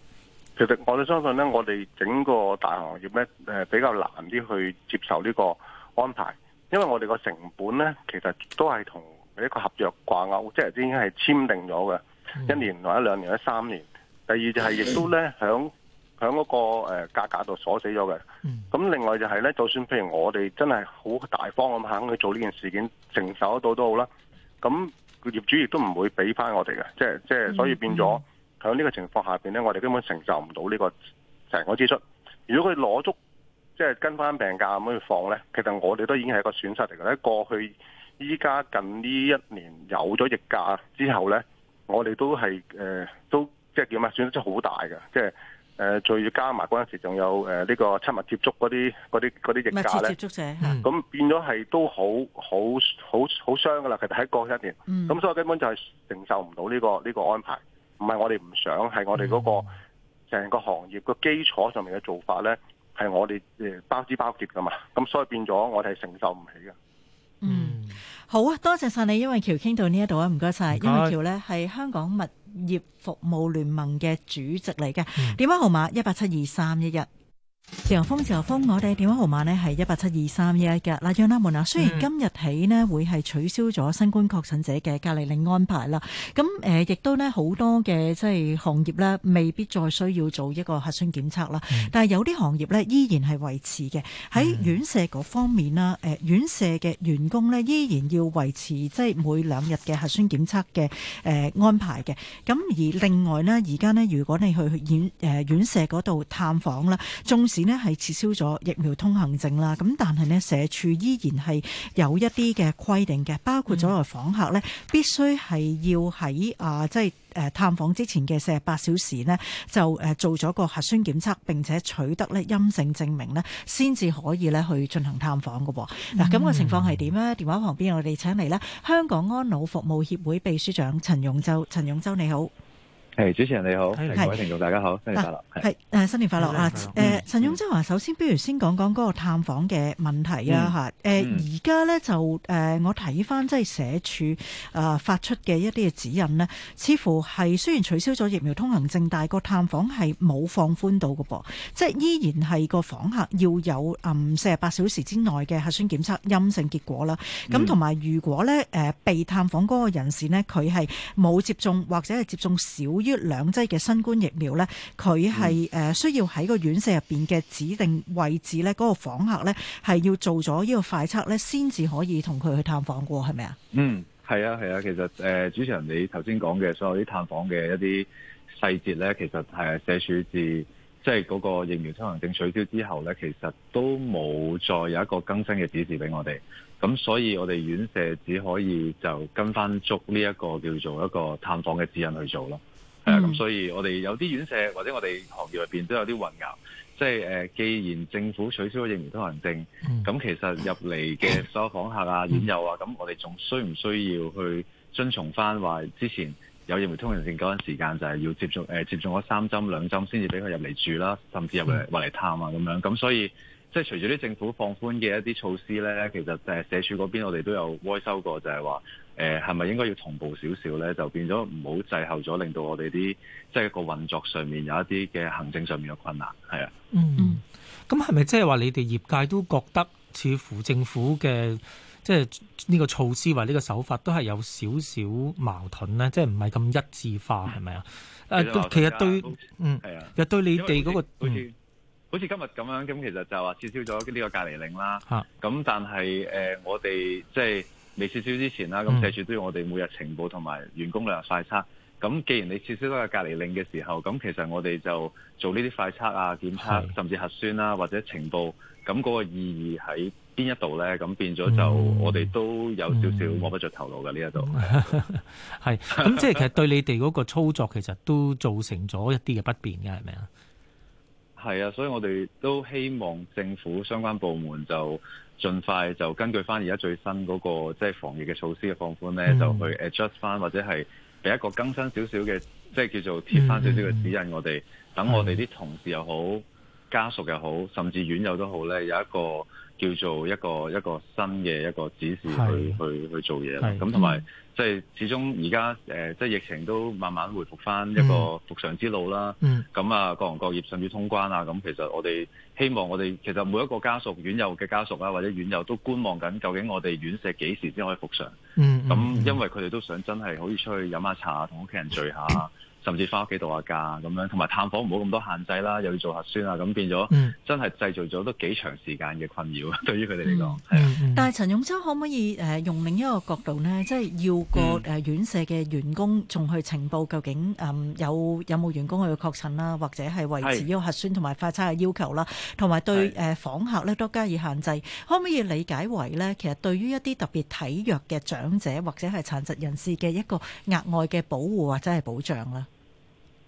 其實我哋相信咧，我哋整個大行業咧，誒比較難啲去接受呢個安排，因為我哋個成本咧，其實都係同一個合約掛鈎，即係已經係簽訂咗嘅一年或者兩年或者三年。第二就係亦都咧，響響嗰個誒價格度鎖死咗嘅。咁另外就係咧，就算譬如我哋真係好大方咁肯去做呢件事件，承受得到都好啦。咁業主亦都唔會俾翻我哋嘅，即係即係，所以變咗喺呢個情況下邊咧，我哋根本承受唔到呢個成個支出。如果佢攞足即係、就是、跟翻病假咁去放咧，其實我哋都已經係一個損失嚟嘅。喺過去依家近呢一年有咗疫假之後咧，我哋都係誒、呃、都即係叫咩？損失好大嘅，即係。誒、呃，再加埋嗰陣時，仲有誒呢、呃呢個親密接觸嗰啲、嗰啲、嗰啲疫苗咧，咁、嗯、變咗係都好好好好傷噶啦。其實喺過去一年，咁、嗯、所以根本就係承受唔到呢個呢、呢個安排。唔係我哋唔想，係我哋嗰、嗰個成、嗯、個行業嘅基礎上面嘅做法咧，係我哋誒包枝包結噶嘛。咁所以變咗，我哋係承受唔起嘅。嗯，好啊，多謝晒你，因為喬傾到呢一度啊，唔該晒，因為喬咧係香港物。業服務聯盟嘅主席嚟嘅，電話號碼一八七二三一一。自由風，自由風，我哋電話號碼呢係一八七二三一一嘅。嗱，張生們啊，雖然今日起呢會係取消咗新冠確診者嘅隔離令安排啦，咁誒，亦、呃、都呢好多嘅即係行業呢，未必再需要做一個核酸檢測啦。但係有啲行業呢依然係維持嘅。喺院舍嗰方面啦，誒、呃，院舍嘅員工呢依然要維持即係每兩日嘅核酸檢測嘅誒安排嘅。咁而另外呢，而家呢，如果你去院誒、呃、院舍嗰度探訪啦，仲呢係撤銷咗疫苗通行證啦，咁但係呢社署依然係有一啲嘅規定嘅，包括咗嚟訪客呢，必須係要喺啊即係誒探訪之前嘅四十八小時呢，就誒做咗個核酸檢測，並且取得呢陰性證明呢，先至可以呢去進行探訪㗎。嗱、嗯，咁個情況係點呢？電話旁邊我哋請嚟呢香港安老服務協會秘書長陳勇舟，陳勇舟你好。係主持人你好，的各位聽眾大家好，的新年快樂。係誒的，新年快樂啊！誒的，陳勇舟話，首先不如先講講個探訪嘅問題啦吓。誒、嗯，而家咧就誒、呃，我睇翻即係社署誒發出嘅一啲嘅指引咧，似乎係雖然取消咗疫苗通行證，但係個探訪係冇放寬到嘅噃，即係依然係個訪客要有誒四十八小時之內嘅核酸檢測陰性結果啦。咁同埋，如果咧誒、呃、被探訪嗰個人士咧，佢係冇接種或者係接種少。於兩劑嘅新冠疫苗咧，佢係誒需要喺個院舍入邊嘅指定位置咧，嗰、那個訪客咧係要做咗呢個快測咧，先至可以同佢去探訪嘅，係咪、嗯、啊？嗯，係啊，係啊，其實誒，主持人你頭先講嘅所有啲探訪嘅一啲細節咧，其實係社署自即係嗰個疫苗通行證取消之後咧，其實都冇再有一個更新嘅指示俾我哋，咁所以我哋院舍只可以就跟翻足呢一個叫做一個探訪嘅指引去做咯。咁、mm hmm. 所以，我哋有啲院舍或者我哋行業入邊都有啲混淆，即係誒，既然政府取消咗疫苗通行證，咁、mm hmm. 其實入嚟嘅所有訪客啊、院友、mm hmm. 啊，咁我哋仲需唔需要去遵從翻話之前有疫苗通行證嗰陣時間，就係要接種誒、呃、接種咗三針兩針，先至俾佢入嚟住啦、啊，甚至入嚟話嚟探啊咁樣。咁所以，即係隨住啲政府放寬嘅一啲措施咧，其實誒社署嗰邊我哋都有徵收過就，就係話。誒，係咪應該要同步少少咧？就變咗唔好滯後咗，令到我哋啲即係個運作上面有一啲嘅行政上面嘅困難，係啊。嗯，咁係咪即係話你哋業界都覺得似乎政府嘅即係呢個措施或呢個手法都係有少少矛盾咧？即係唔係咁一致化，係咪啊？誒的，其實對，嗯，係啊、嗯，其實對你哋嗰、那個，好似、嗯、好似今日咁樣，咁其實就話撤銷咗呢個隔離令啦。吓、啊，咁但係誒、呃，我哋即係。未撤銷之前啦，咁、嗯、寫住都要我哋每日情報同埋員工量快測。咁既然你撤銷咗個隔離令嘅時候，咁其實我哋就做呢啲快測啊、檢測，是甚至核酸啊或者情報，咁、那、嗰個意義喺邊一度呢？咁變咗就、嗯、我哋都有少少摸不着頭腦嘅呢一度。係，咁 即係其實對你哋嗰個操作其實都造成咗一啲嘅不便嘅，係咪啊？係 啊，所以我哋都希望政府相關部門就。盡快就根據翻而家最新嗰、那個即係、就是、防疫嘅措施嘅放寬咧，嗯、就去 adjust 翻或者係俾一個更新少少嘅，即、就、係、是、叫做貼翻少少嘅指引我，嗯、我哋等我哋啲同事又好、嗯、家屬又好，甚至院友都好咧，有一個。叫做一個一個新嘅一個指示去的去去，去做嘢啦，咁同埋即係始終而家誒即係疫情都慢慢回復翻一個復常之路啦、嗯。嗯，咁啊，各行各業甚至通關啊，咁其實我哋希望我哋其實每一個家屬院友嘅家屬啊，或者院友都觀望緊究竟我哋院舍幾時先可以復常？嗯，咁因為佢哋都想真係可以出去飲下茶，同屋企人聚下。嗯甚至翻屋企度下假咁樣，同埋探訪唔好咁多限制啦，又要做核酸啊，咁變咗真係製造咗都幾長時間嘅困擾，對於佢哋嚟講。嗯嗯嗯、但係陳勇舟可唔可以誒、呃、用另一個角度呢？即係要個誒院舍嘅員工仲去呈報究竟、呃、有有冇員工去確診啦，或者係維持呢個核酸同埋快測嘅要求啦，同埋、嗯嗯、對誒訪客呢都加以限制，嗯嗯、可唔可以理解為呢？其實對於一啲特別體弱嘅長者或者係殘疾人士嘅一個額外嘅保護或者係保障啦？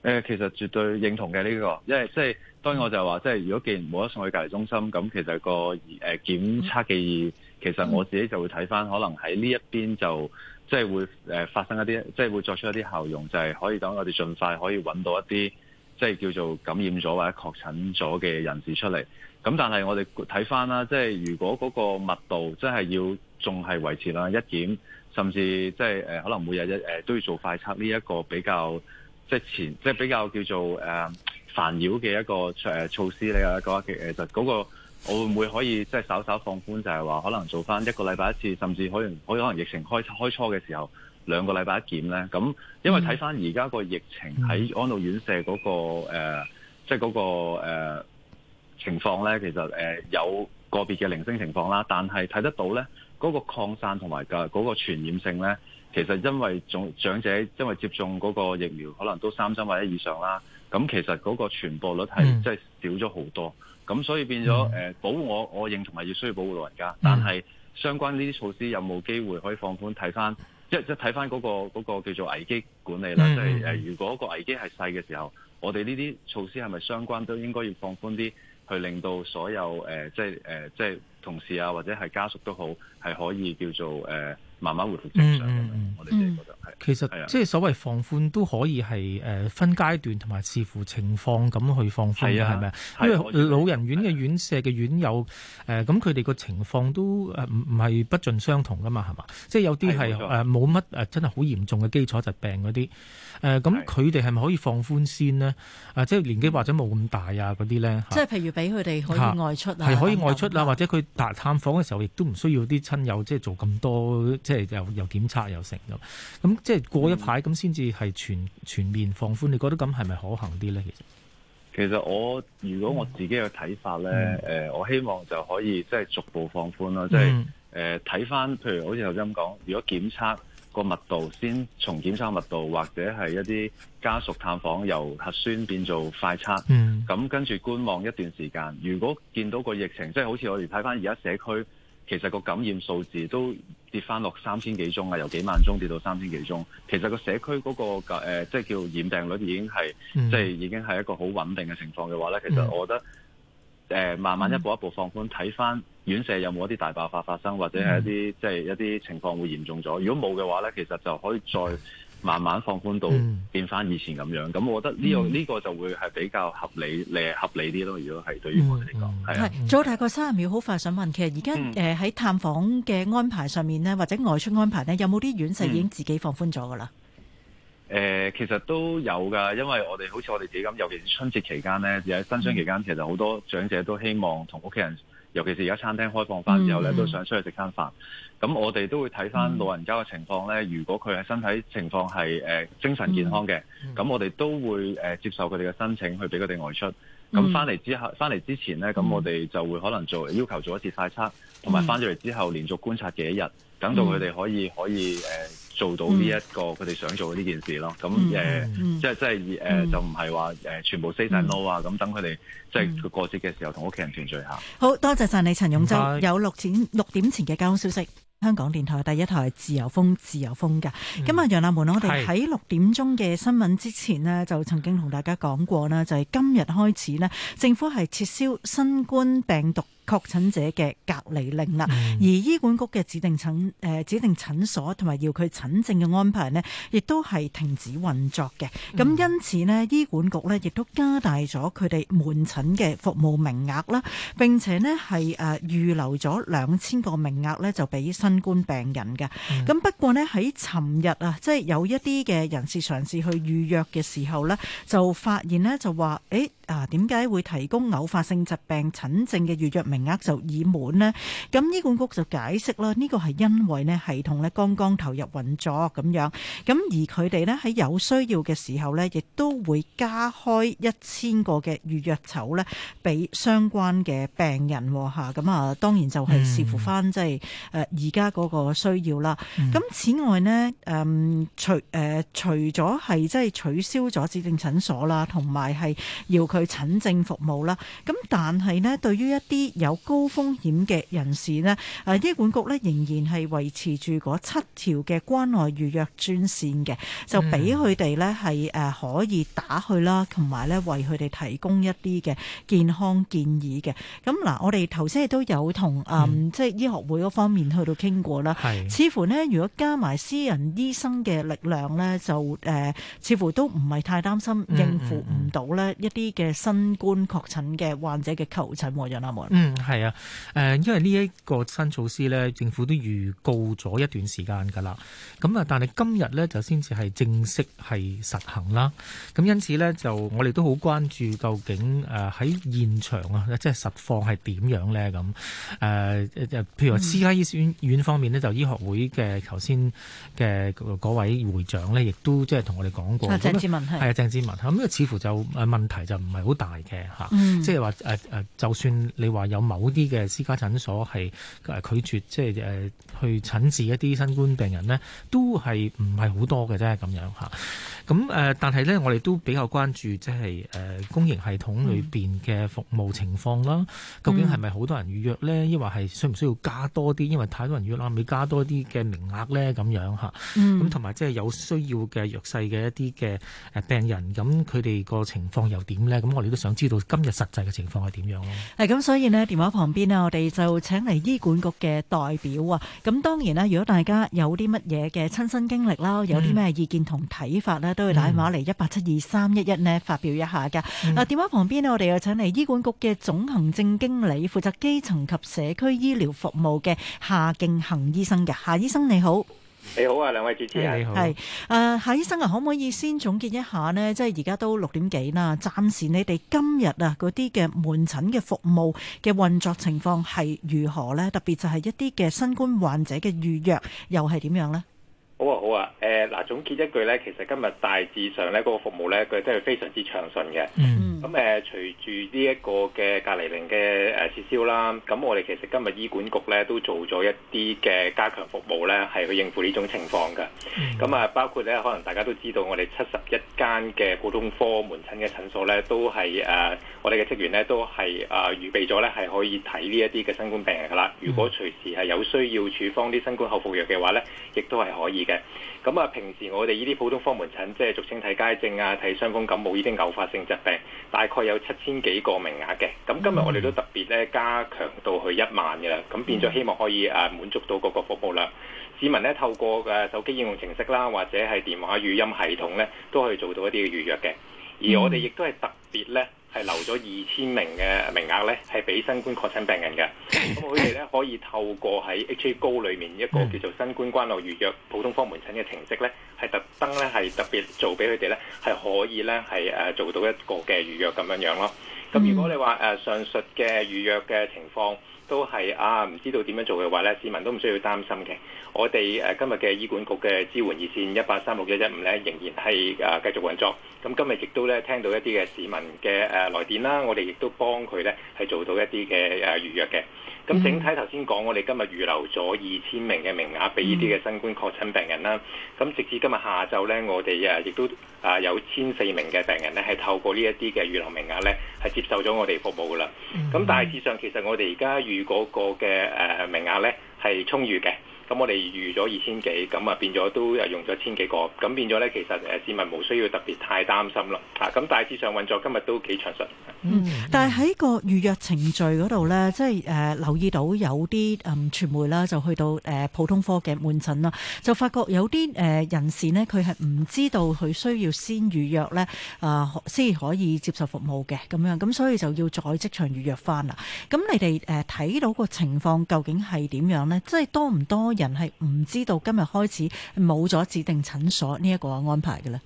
誒，其實絕對認同嘅呢個，因為即係當然我就話，即係如果既然冇得送去隔離中心，咁其實個誒檢測嘅意義，其實我自己就會睇翻，可能喺呢一邊就即係會誒發生一啲，即係會作出一啲效用，就係可以等我哋盡快可以揾到一啲，即係叫做感染咗或者確診咗嘅人士出嚟。咁但係我哋睇翻啦，即係如果嗰個密度真係要仲係維持啦，一檢甚至即係誒可能每日一誒都要做快測呢一個比較。即係前，即係比較叫做誒煩擾嘅一個誒、呃、措施，你有一個其實嗰個，我會唔會可以即係稍稍放寬就，就係話可能做翻一個禮拜一次，甚至可能可以可能疫情開開初嘅時候兩個禮拜一檢咧。咁因為睇翻而家個疫情喺安老院舍嗰、嗰個、uh, 即係、嗰、嗰個、uh, 情況咧，其實誒、uh, 有個別嘅零星情況啦，但係睇得到咧嗰、嗰個擴散同埋嘅嗰個傳染性咧。其實因為長長者因為接種嗰個疫苗可能都三針或者以上啦，咁其實嗰個傳播率係即係少咗好多，咁、嗯、所以變咗誒、呃、保護我我認同係要需要保護老人家，但係相關呢啲措施有冇機會可以放寬睇翻，即係即係睇翻嗰個、嗰個叫做危機管理啦，即係誒如果個危機係細嘅時候，我哋呢啲措施係咪相關都應該要放寬啲，去令到所有誒、呃、即係誒、呃、即係同事啊或者係家屬都好係可以叫做誒。呃慢慢回復正常，嗯、我哋先覺得、嗯、係其實、啊、即係所謂放寬都可以係誒分階段同埋視乎情況咁去放寬係啊係咪啊？因為老人院嘅院舍嘅院友誒，咁佢哋個情況都誒唔唔係不盡相同噶嘛，係嘛？即係有啲係誒冇乜誒真係好嚴重嘅基礎疾、就是、病嗰啲。誒咁佢哋係咪可以放寬先呢？誒、啊，即係年紀或者冇咁大啊嗰啲咧，呢即係譬如俾佢哋可以外出啊，係、啊、可以外出啊，或者佢探訪嘅時候，亦都唔需要啲親友即係做咁多，即係又又檢測又成咁。咁即係過一排咁先至係全全面放寬。你覺得咁係咪可行啲咧？其實我如果我自己嘅睇法咧，誒、嗯嗯呃，我希望就可以即係逐步放寬啦。即係誒，睇翻、嗯呃、譬如好似頭先咁講，如果檢測。個密度先從檢測密度或者係一啲家屬探訪由核酸變做快測，咁、mm. 跟住觀望一段時間。如果見到個疫情，即係好似我哋睇翻而家社區，其實個感染數字都跌翻落三千幾宗啊，由幾萬宗跌到三千幾宗。其實個社區嗰個誒，即係叫染病率已經係，即係、mm. 已經係一個好穩定嘅情況嘅話咧，其實我覺得。誒，慢慢一步一步放寬，睇翻院舍有冇一啲大爆發發生，或者係一啲即係一啲情況會嚴重咗。如果冇嘅話咧，其實就可以再慢慢放寬到變翻以前咁樣。咁我覺得呢個呢個就會係比較合理，理合理啲咯。如果係對於我哋嚟講，係啊，仲有大概三十秒，好快想問，其實而家誒喺探訪嘅安排上面咧，或者外出安排咧，有冇啲院舍已經自己放寬咗噶啦？誒、呃，其實都有㗎，因為我哋好似我哋自己咁，尤其是春節期間咧，而喺新春期間，其實好多長者都希望同屋企人，尤其是而家餐廳開放翻之後咧，mm hmm. 都想出去食餐飯。咁我哋都會睇翻老人家嘅情況咧，如果佢喺身體情況係誒、呃、精神健康嘅，咁、mm hmm. 我哋都會誒、呃、接受佢哋嘅申請，去俾佢哋外出。咁翻嚟之後，翻嚟之前咧，咁我哋就會可能做要求做一次快測，同埋翻咗嚟之後連續觀察幾日，等到佢哋可以可以誒。做到呢、這、一個佢哋、嗯、想做嘅呢件事咯，咁誒、呃嗯，即係即係誒，就唔係話誒全部 say 曬 no 啊，咁、no, 等佢哋即係過節嘅時候同屋企人團聚下。好多謝曬你，陳勇舟，謝謝。有六點六點前嘅交通消息，香港電台第一台自由風自由風嘅。咁啊、嗯，楊亞門我哋喺六點鐘嘅新聞之前呢，就曾經同大家講過啦，就係、是、今日開始呢，政府係撤銷新冠病毒。確診者嘅隔離令啦，嗯、而醫管局嘅指定診誒、呃、指定診所同埋要佢診症嘅安排呢，亦都係停止運作嘅。咁、嗯、因此呢，醫管局呢，亦都加大咗佢哋門診嘅服務名額啦，並且呢，係誒預留咗兩千個名額呢，就俾新冠病人嘅。咁、嗯、不過呢，喺尋日啊，即係有一啲嘅人士嘗試去預約嘅時候呢，就發現呢，就話誒啊點解會提供偶發性疾病診症嘅預約名額就已滿呢，咁醫管局就解釋啦，呢個係因為呢系統呢剛剛投入運作咁樣，咁而佢哋呢喺有需要嘅時候呢，亦都會加開一千個嘅預約籌呢，俾相關嘅病人吓，咁啊，當然就係視乎翻即係誒而家嗰個需要啦。咁、嗯、此外呢，誒除誒、呃、除咗係即係取消咗指定診所啦，同埋係要佢診症服務啦，咁但係呢對於一啲有有高風險嘅人士呢，誒醫管局呢仍然係維持住嗰七條嘅關愛預約專線嘅，就俾佢哋呢係誒可以打去啦，同埋呢為佢哋提供一啲嘅健康建議嘅。咁嗱，我哋頭先亦都有同誒、嗯嗯、即係醫學會嗰方面去到傾過啦。是似乎呢，如果加埋私人醫生嘅力量呢，就誒、呃、似乎都唔係太擔心應付唔到呢一啲嘅新冠確診嘅患者嘅求診和人啦、啊，冇、啊。係啊，誒，因為呢一個新措施咧，政府都預告咗一段時間噶啦，咁啊，但係今日咧就先至係正式係實行啦。咁因此咧，就我哋都好關注究竟誒喺現場啊，即係實況係點樣咧？咁誒誒，譬如話私家醫院院方面咧，就、嗯、醫學會嘅頭先嘅嗰位會長咧，亦都即係同我哋講過。鄭志文，係啊，鄭志文咁，似乎就誒問題就唔係好大嘅吓，嗯、即係話誒誒，就算你話有。某啲嘅私家診所係拒絕，即係誒、呃、去診治一啲新冠病人咧，都係唔係好多嘅啫，咁樣吓。咁誒，但係咧，我哋都比較關注，即係誒、呃、公營系統裏邊嘅服務情況啦。究竟係咪好多人預約咧？抑或係需唔需要加多啲？因為太多人預約啦，咪加多啲嘅名額咧，咁樣吓。咁同埋即係有需要嘅弱勢嘅一啲嘅誒病人，咁佢哋個情況又點咧？咁我哋都想知道今日實際嘅情況係點樣咯。誒，咁所以咧。電話旁邊呢，我哋就請嚟醫管局嘅代表啊！咁當然啦，如果大家有啲乜嘢嘅親身經歷啦，有啲咩意見同睇法呢，都要打電話嚟，一八七二三一一呢發表一下㗎。嗱、嗯，電話旁邊呢，我哋又請嚟醫管局嘅總行政經理，負責基層及社區醫療服務嘅夏敬恒醫生嘅。夏醫生，你好。你好啊，兩位主持 hey, 好。啊，係誒，夏醫生啊，可唔可以先總結一下呢？即係而家都六點幾啦，暫時你哋今日啊嗰啲嘅門診嘅服務嘅運作情況係如何呢？特別就係一啲嘅新冠患者嘅預約又係點樣呢？好啊，好啊，誒、呃、嗱，總結一句咧，其實今日大致上咧嗰、那個服務咧，佢真係非常之暢順嘅。咁誒、mm hmm. 呃，隨住呢一個嘅隔離令嘅誒撤銷啦，咁我哋其實今日醫管局咧都做咗一啲嘅加強服務咧，係去應付呢種情況嘅。咁啊、mm hmm.，包括咧，可能大家都知道，我哋七十一間嘅普通科門診嘅診所咧，都係誒、呃、我哋嘅職員咧都係啊、呃、預備咗咧係可以睇呢一啲嘅新冠病人噶啦。Mm hmm. 如果隨時係有需要處方啲新冠口服藥嘅話咧，亦都係可以。咁啊，嗯、平時我哋呢啲普通科門診，即係俗稱睇街症啊，睇傷風感冒呢啲偶發性疾病，大概有七千幾個名額嘅。咁今日我哋都特別咧加強到去一萬嘅啦，咁變咗希望可以誒滿足到嗰個服務量。市民呢透過誒手機應用程式啦，或者係電話語音系統呢，都可以做到一啲預約嘅。而我哋亦都係特別呢。係留咗二千名嘅名額咧，係俾新冠確診病人嘅。咁佢哋咧可以透過喺 H A 高裏面一個叫做新冠關愛預約普通科門診嘅程式咧，係特登咧係特別做俾佢哋咧，係可以咧係誒做到一個嘅預約咁樣樣咯。咁如果你話誒、啊、上述嘅預約嘅情況。都係啊，唔知道點樣做嘅話呢，市民都唔需要擔心嘅。我哋誒、呃、今日嘅醫管局嘅支援熱線一八三六一一五呢，仍然係誒繼續運作。咁今日亦都呢聽到一啲嘅市民嘅誒、呃、來電啦，我哋亦都幫佢呢，係做到一啲嘅誒預約嘅。咁、mm hmm. 整體頭先講，我哋今日預留咗二千名嘅名額俾呢啲嘅新冠確診病人啦。咁、mm hmm. 直至今日下晝咧，我哋啊亦都啊有千四名嘅病人咧，係透過呢一啲嘅預留名額咧，係接受咗我哋服務噶啦。咁、mm hmm. 大致上其實我哋而家預嗰個嘅誒名額咧係充裕嘅。咁我哋預咗二千幾，咁啊變咗都誒用咗千幾個，咁變咗咧其實誒市民冇需要特別太擔心啦，嚇、啊！咁大致上運作今日都幾暢順。嗯，但係喺個預約程序嗰度咧，即係誒、呃、留意到有啲嗯、呃、傳媒啦，就去到誒、呃、普通科嘅門診啦，就發覺有啲誒、呃、人士呢，佢係唔知道佢需要先預約咧，啊、呃、先可以接受服務嘅咁樣，咁所以就要再即場預約翻啦。咁你哋誒睇到個情況究竟係點樣呢？即係多唔多？人係唔知道今日開始冇咗指定診所呢一個安排嘅咧。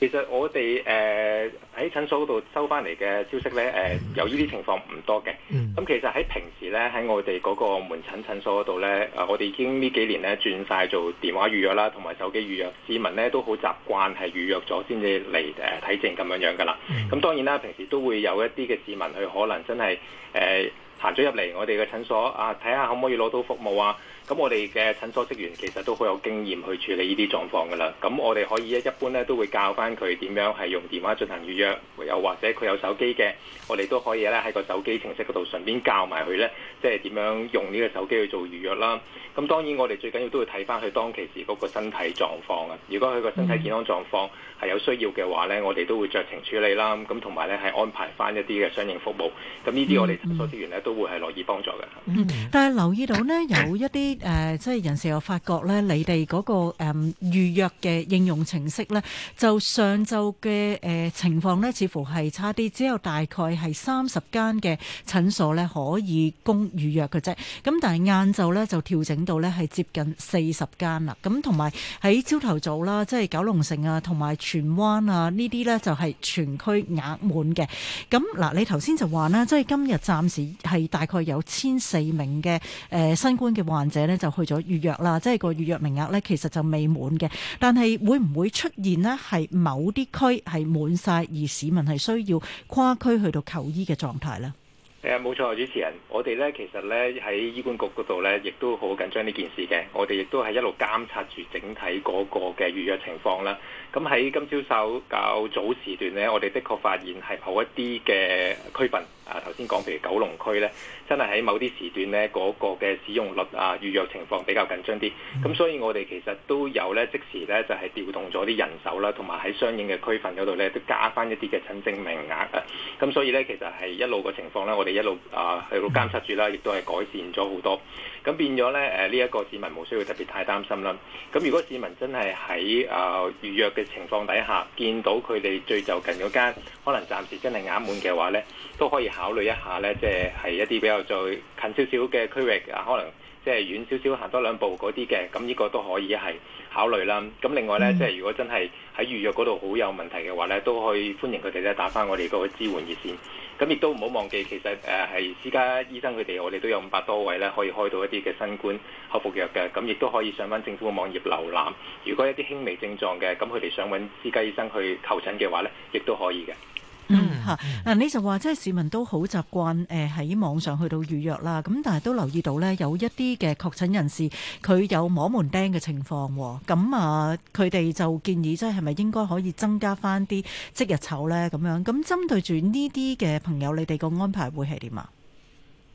其實我哋誒喺診所嗰度收翻嚟嘅消息咧，誒、呃嗯、有依啲情況唔多嘅。咁、嗯、其實喺平時咧，喺我哋嗰個門診診所嗰度咧，我哋已經呢幾年咧轉晒做電話預約啦，同埋手機預約，市民咧都好習慣係預約咗先至嚟誒睇症咁樣樣噶啦。咁、嗯、當然啦，平時都會有一啲嘅市民佢可能真係誒。呃行咗入嚟我哋嘅診所啊，睇下可唔可以攞到服務啊？咁我哋嘅診所職員其實都好有經驗去處理呢啲狀況噶啦。咁我哋可以一般咧都會教翻佢點樣係用電話進行預約，又或者佢有手機嘅，我哋都可以咧喺個手機程式嗰度順便教埋佢咧，即係點樣用呢個手機去做預約啦。咁當然我哋最緊要都會睇翻佢當其時嗰個身體狀況啊。如果佢個身體健康狀況，係有需要嘅話咧，我哋都會酌情處理啦。咁咁同埋咧，係安排翻一啲嘅相應服務。咁呢啲我哋診所資源咧都會係樂意幫助嘅。嗯，但係留意到咧，有一啲誒，即係人士又發覺咧，你哋嗰個誒預約嘅應用程式咧，就上晝嘅誒情況咧，似乎係差啲，只有大概係三十間嘅診所咧可以供預約嘅啫。咁但係晏晝咧就調整到咧係接近四十間啦。咁同埋喺朝頭早啦，即係九龍城啊，同埋，荃灣啊，呢啲呢就係全區額滿嘅。咁嗱，你頭先就話咧，即係今日暫時係大概有千四名嘅誒、呃、新冠嘅患者呢，就去咗預約啦。即係個預約名額呢，其實就未滿嘅。但係會唔會出現呢？係某啲區係滿晒，而市民係需要跨區去到求醫嘅狀態呢？誒冇錯，主持人，我哋呢，其實呢喺醫管局嗰度呢，亦都好緊張呢件事嘅。我哋亦都係一路監察住整體嗰個嘅預約情況啦。咁喺今朝稍較早時段呢，我哋的確發現係某一啲嘅區份啊，頭先講譬如九龍區呢，真係喺某啲時段呢，嗰個嘅使用率啊預約情況比較緊張啲。咁所以我哋其實都有呢，即時呢就係調動咗啲人手啦，同埋喺相應嘅區份嗰度呢，都加翻一啲嘅新增名額啊。咁所以呢，其實係一路個情況呢，我哋一路啊係度監察住啦，亦都係改善咗好多。咁變咗呢，誒呢一個市民冇需要特別太擔心啦。咁如果市民真係喺啊預約，嘅情況底下，見到佢哋最就近嗰間，可能暫時真係壓滿嘅話呢，都可以考慮一下呢，即係係一啲比較再近少少嘅區域啊，可能即係遠少少行多兩步嗰啲嘅，咁呢個都可以係考慮啦，咁、嗯、另外呢，即係如果真係喺預約嗰度好有問題嘅話呢，都可以歡迎佢哋咧打翻我哋個支援熱線。咁亦都唔好忘記，其實誒係、呃、私家醫生佢哋，我哋都有五百多位呢，可以開到一啲嘅新冠口服，服藥嘅。咁亦都可以上翻政府嘅網頁瀏覽。如果一啲輕微症狀嘅，咁佢哋想搵私家醫生去求診嘅話呢，亦都可以嘅。 嗯吓，嗱你就話即係市民都好習慣誒喺網上去到預約啦，咁但係都留意到咧有一啲嘅確診人士佢有摸門釘嘅情況，咁啊佢哋就建議即係係咪應該可以增加翻啲即日籌咧咁樣？咁針對住呢啲嘅朋友，你哋個安排會係點啊？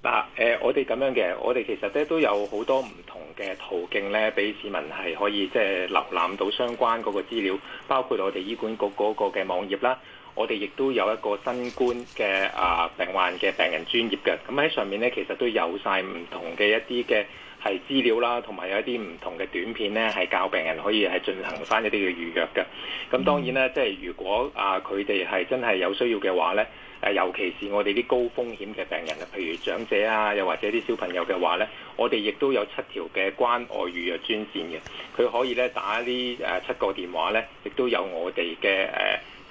嗱，誒、呃，我哋咁樣嘅，我哋其實咧都有好多唔同嘅途徑咧，俾市民係可以即係、就是、瀏覽到相關嗰個資料，包括我哋醫管局嗰個嘅網頁啦，我哋亦都有一個新冠嘅啊病患嘅病人專業嘅，咁喺上面咧其實都有晒唔同嘅一啲嘅係資料啦，同埋有一啲唔同嘅短片咧，係教病人可以係進行返一啲嘅預約嘅。咁當然啦，即係、嗯、如果啊佢哋係真係有需要嘅話咧。誒，尤其是我哋啲高風險嘅病人啊，譬如長者啊，又或者啲小朋友嘅話呢，我哋亦都有七條嘅關外預約專線嘅，佢可以咧打呢誒七個電話呢，亦都有我哋嘅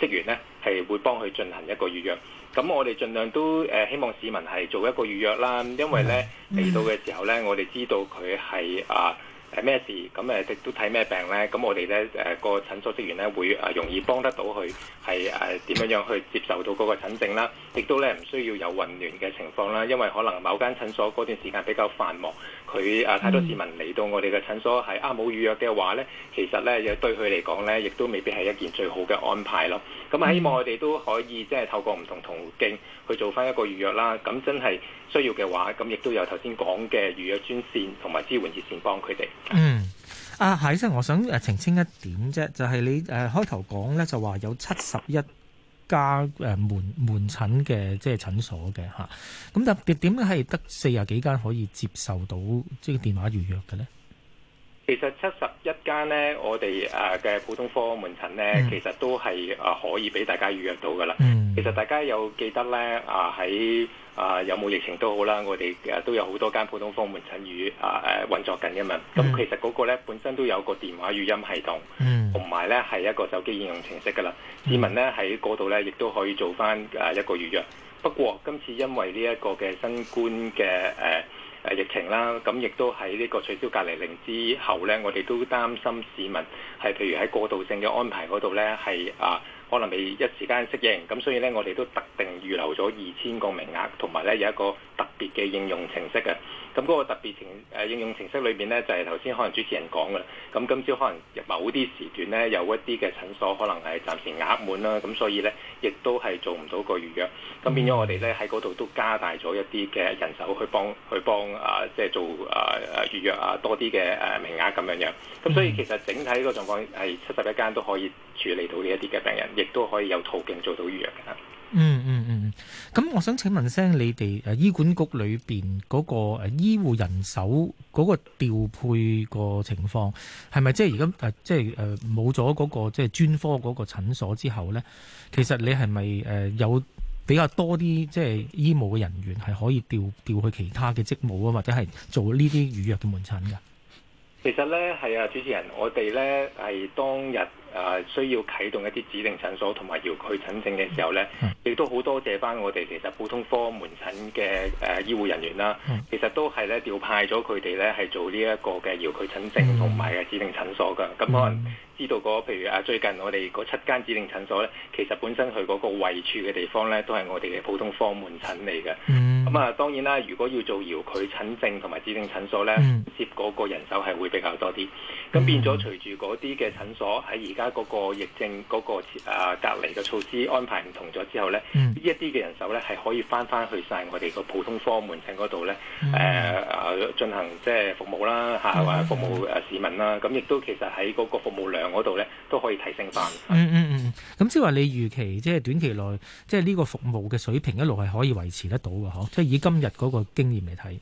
誒職員呢係會幫佢進行一個預約。咁我哋盡量都誒、呃、希望市民係做一個預約啦，因為呢嚟、mm hmm. 到嘅時候呢，我哋知道佢係啊。呃誒咩事咁誒，亦都睇咩病咧？咁我哋咧誒個診所職員咧會誒容易幫得到佢，係誒點樣樣去接受到嗰個診症啦，亦都咧唔需要有混亂嘅情況啦。因為可能某間診所嗰段時間比較繁忙，佢誒太多市民嚟到我哋嘅診所係啊冇預約嘅話咧，其實咧又對佢嚟講咧，亦都未必係一件最好嘅安排咯。咁希望我哋都可以即係透過唔同途徑去做返一個預約啦。咁真係，需要嘅話，咁亦都有頭先講嘅預約專線同埋支援熱線幫佢哋。嗯，啊，係，即我想澄清一點啫，就係、是、你誒、啊、開頭講呢，就話、是、有七十一家誒門門,門診嘅即係診所嘅嚇，咁特別點解係得四十幾間可以接受到即係電話預約嘅呢？其實七十一間呢，我哋誒嘅普通科門診呢，嗯、其實都係誒可以俾大家預約到噶啦。嗯、其實大家有記得呢，啊喺。啊，有冇疫情都好啦，我哋誒、啊、都有好多間普通科門診椅啊誒、呃、運作緊嘅嘛，咁、啊、其實嗰個咧本身都有個電話語音系統，嗯、同埋咧係一個手機應用程式噶啦，市民咧喺嗰度咧亦都可以做翻誒、啊、一個預約。不過今次因為呢一個嘅新冠嘅誒誒疫情啦，咁、啊、亦都喺呢個取消隔離令之後咧，我哋都擔心市民係譬如喺過渡性嘅安排嗰度咧係啊。可能未一時間適應，咁所以咧，我哋都特定預留咗二千個名額，同埋咧有一個特別嘅應用程式嘅。咁嗰個特別程誒、呃、應用程式裏邊咧，就係頭先可能主持人講嘅。咁今朝可能某啲時段咧，有一啲嘅診所可能係暫時額滿啦，咁所以咧亦都係做唔到個預約。咁變咗我哋咧喺嗰度都加大咗一啲嘅人手去幫去幫、呃呃呃呃、啊，即係做啊預約啊多啲嘅誒名額咁樣樣。咁所以其實整體個狀況係七十一間都可以處理到呢一啲嘅病人。亦都可以有途徑做到預約嘅。嗯嗯嗯，咁我想請問聲你哋誒醫管局裏邊嗰個誒醫護人手嗰個調配個情況，係咪、啊、即係而家誒即係誒冇咗嗰個即係專科嗰個診所之後咧？其實你係咪誒有比較多啲即係醫務嘅人員係可以調調去其他嘅職務啊，或者係做呢啲預約嘅門診㗎？其實咧係啊，主持人，我哋咧係當日。誒需要啟動一啲指定診所同埋遙距診症嘅時候咧，亦都好多謝翻我哋其實普通科門診嘅誒醫護人員啦。其實都係咧調派咗佢哋咧係做呢一個嘅遙距診症同埋指定診所嘅。咁可能知道過，譬如啊最近我哋嗰七間指定診所咧，其實本身佢嗰個位處嘅地方咧都係我哋嘅普通科門診嚟嘅。咁啊當然啦，如果要做遙距診症同埋指定診所咧，接嗰個人手係會比較多啲。咁變咗隨住嗰啲嘅診所喺而家。而家嗰個疫症嗰個啊隔離嘅措施安排唔同咗之後咧，呢一啲嘅人手咧係可以翻翻去晒我哋個普通科門診嗰度咧，誒啊進行即係服務啦嚇，或者服務誒市民啦。咁亦都其實喺嗰個服務量嗰度咧，都可以提升翻。嗯嗯嗯。咁即係話你預期即係短期內，即係呢個服務嘅水平一路係可以維持得到嘅嗬？即係以今日嗰個經驗嚟睇，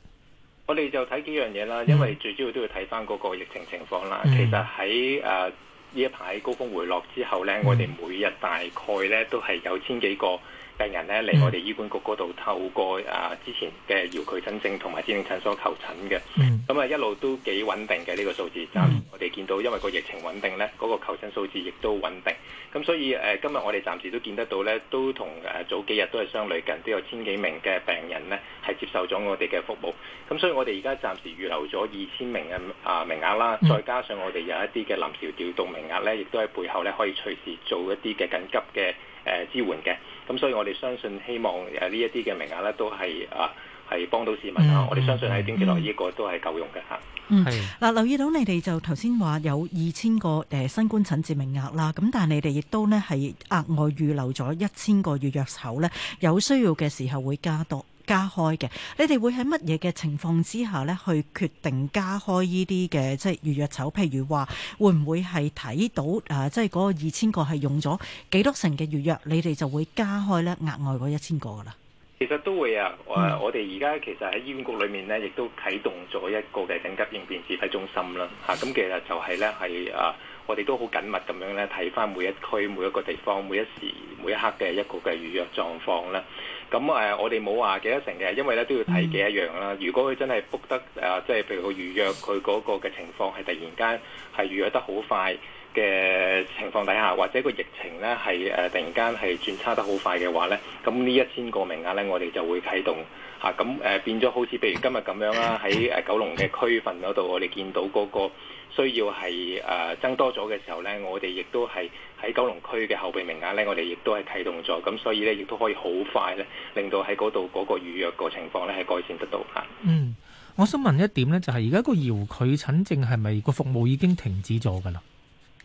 我哋就睇幾樣嘢啦，因為最主要都要睇翻嗰個疫情情況啦。其實喺誒。呢一排高峰回落之後呢，咧， 我哋每日大概咧都係有千幾個。病人咧嚟我哋醫管局嗰度，透過啊之前嘅遙距診症同埋指定診所求診嘅，咁啊、嗯、一路都幾穩定嘅呢、呢個數字。暫時我哋見到，因為個疫情穩定咧，嗰、嗰個求診數字亦都穩定。咁所以誒、呃，今日我哋暫時都見得到咧，都同誒早幾日都係相類近，都有千幾名嘅病人咧係接受咗我哋嘅服務。咁所以我哋而家暫時預留咗二千名嘅啊、呃、名額啦，再加上我哋有一啲嘅臨時調動名額咧，亦都喺背後咧可以隨時做一啲嘅緊急嘅誒支援嘅。咁所以我哋相信，希望誒呢一啲嘅名額咧都係啊係，幫到市民啊！嗯、我哋相信喺短期內呢個都係夠用嘅嚇。嗯，嗱是、嗯、留意到你哋就頭先話有二千個誒新冠診治名額啦，咁但係你哋亦都呢係額外預留咗一千個預約手咧，有需要嘅時候會加多。加開嘅，你哋會喺乜嘢嘅情況之下呢，去決定加開呢啲嘅即係預約籌，譬如話，會唔會係睇到啊，即係嗰個二千個係用咗幾多成嘅預約，你哋就會加開呢額外嗰一千個噶啦？其實都會啊，我哋而家其實喺醫管局裏面呢，亦都啟動咗一個嘅緊急應變指揮中心啦。嚇、啊，咁其實就係呢，係啊，我哋都好緊密咁樣呢，睇翻每一區、每一個地方、每一時、每一刻嘅一個嘅預約狀況啦。咁誒，我哋冇話幾多成嘅，因為咧都要睇幾一樣啦。如果佢真係 book 得誒，即、啊、係譬如預約佢嗰個嘅情況係突然間係預約得好快嘅情況底下，或者個疫情咧係誒突然間係轉差得好快嘅話咧，咁呢一千個名額咧，我哋就會啟動吓。咁、啊、誒、呃、變咗好似，譬如今日咁樣啦，喺誒九龍嘅區份嗰度，我哋見到嗰個需要係誒、啊、增多咗嘅時候咧，我哋亦都係。喺九龍區嘅後備名額呢，我哋亦都係啟動咗，咁所以呢，亦都可以好快呢，令到喺嗰度嗰個預約個情況呢，係改善得到吓。嗯，我想問一點呢，就係而家個遙距診症係咪個服務已經停止咗噶啦？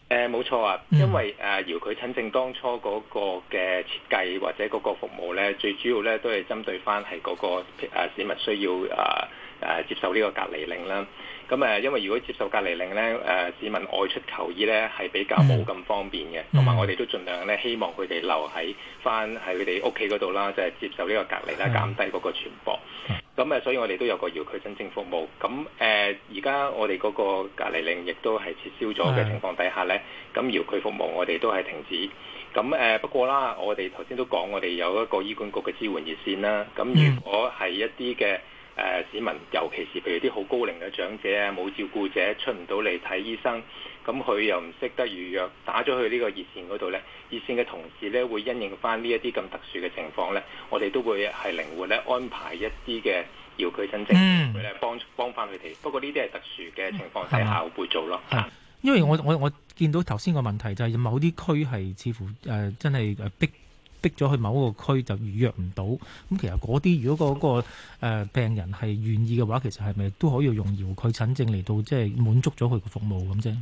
誒、呃，冇錯啊，嗯、因為誒遙距診症當初嗰個嘅設計或者嗰個服務呢，最主要呢，都係針對翻係嗰個誒、啊、市民需要啊。誒、啊、接受呢個隔離令啦，咁、啊、誒因為如果接受隔離令咧，誒、啊、市民外出求醫咧係比較冇咁方便嘅，同埋我哋都盡量咧希望佢哋留喺翻喺佢哋屋企嗰度啦，就係、是、接受呢個隔離啦，減低嗰個傳播。咁誒的、啊，所以我哋都有個遙區申請服務。咁、啊、誒，而家我哋嗰個隔離令亦都係撤銷咗嘅情況底下咧，咁遙區服務我哋都係停止。咁、啊、誒不過啦，我哋頭先都講我哋有一個醫管局嘅支援熱線啦。咁、啊、如果係一啲嘅。誒、呃、市民，尤其是譬如啲好高齡嘅長者啊，冇照顧者出唔到嚟睇醫生，咁佢又唔識得預約，打咗去呢個熱線嗰度呢，熱線嘅同事呢，會因應翻呢一啲咁特殊嘅情況呢，我哋都會係靈活咧安排一啲嘅搖枱申情遙距診症佢咧，幫幫翻佢哋。不過呢啲係特殊嘅情況之下，會做咯。吧嗯、因為我我我見到頭先個問題就係某啲區係似乎誒、呃呃、真係逼。逼咗去某一個區就預約唔到，咁其實嗰啲如果嗰個病人係願意嘅話，其實係咪都可以用遙距診症嚟到即係滿足咗佢嘅服務咁啫？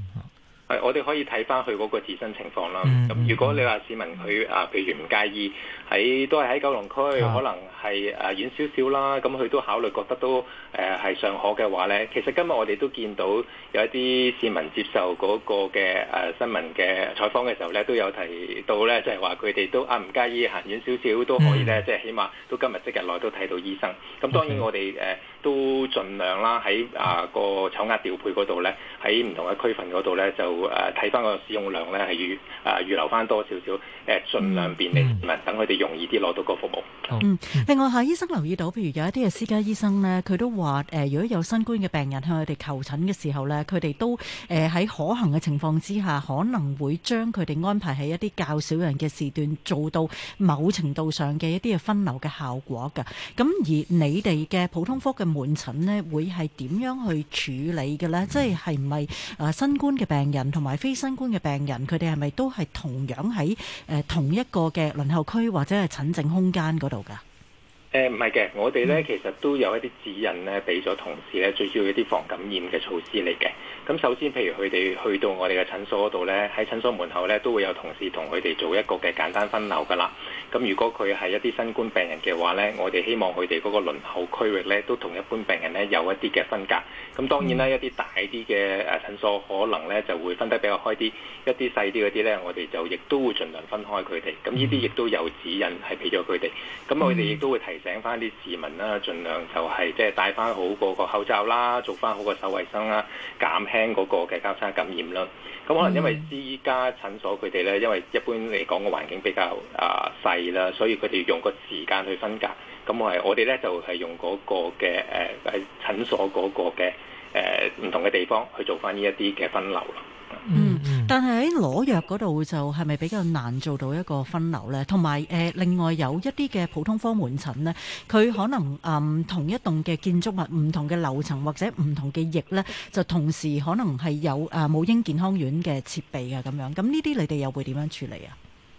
係我哋可以睇返佢嗰個自身情況啦。咁、嗯、如果你話市民佢啊，譬、嗯、如唔介意喺都係喺九龍區，嗯、可能係誒遠少少啦，咁佢都考慮覺得都。誒係、呃、上可嘅話咧，其實今日我哋都見到有一啲市民接受嗰個嘅誒、呃、新聞嘅採訪嘅時候咧，都有提到咧、就是，即係話佢哋都啊唔介意行遠少少都可以咧，即係起碼都今日即日內都睇到醫生。咁當然我哋誒、呃、都儘量啦，喺啊個搶壓調配嗰度咧，喺唔同嘅區份嗰度咧就誒睇翻個使用量咧係預啊預留翻多少少誒，儘、啊、量便利市民等佢哋容易啲攞到個服務。嗯，另外夏醫生留意到，譬如有一啲嘅私家醫生咧，佢都話誒、呃，如果有新冠嘅病人向佢哋求診嘅時候呢，佢哋都誒喺、呃、可行嘅情況之下，可能會將佢哋安排喺一啲較少人嘅時段，做到某程度上嘅一啲嘅分流嘅效果噶。咁而你哋嘅普通科嘅門診呢，會係點樣去處理嘅呢？即係係唔係誒，新冠嘅病人同埋非新冠嘅病人，佢哋係咪都係同樣喺誒、呃、同一個嘅輪候區或者係診症空間嗰度噶？誒唔係嘅，我哋咧其實都有一啲指引咧，俾咗同事咧，最主要一啲防感染嘅措施嚟嘅。咁首先，譬如佢哋去到我哋嘅診所嗰度咧，喺診所門口咧都會有同事同佢哋做一個嘅簡單分流噶啦。咁如果佢係一啲新冠病人嘅話咧，我哋希望佢哋嗰個輪候區域咧都同一般病人咧有一啲嘅分隔。咁當然啦，一啲大啲嘅誒診所可能咧就會分得比較開啲，一啲細啲嗰啲咧，我哋就亦都會盡量分開佢哋。咁呢啲亦都有指引係俾咗佢哋。咁我哋亦都會提醒翻啲市民啦，盡量就係即係戴翻好嗰個口罩啦，做翻好個手衛生啦，減。聽嗰個嘅交叉感染啦，咁可能因為私家診所佢哋咧，因為一般嚟講個環境比較啊細啦，所以佢哋用個時間去分隔。咁我係我哋咧就係用嗰個嘅誒誒診所嗰個嘅誒唔同嘅地方去做翻呢一啲嘅分流咯。嗯 。但係喺攞藥嗰度就係咪比較難做到一個分流咧？同埋誒，另外有一啲嘅普通科門診咧，佢可能誒同一棟嘅建築物唔同嘅樓層或者唔同嘅翼咧，就同時可能係有誒母嬰健康院嘅設備嘅咁樣。咁呢啲你哋又會點樣處理啊？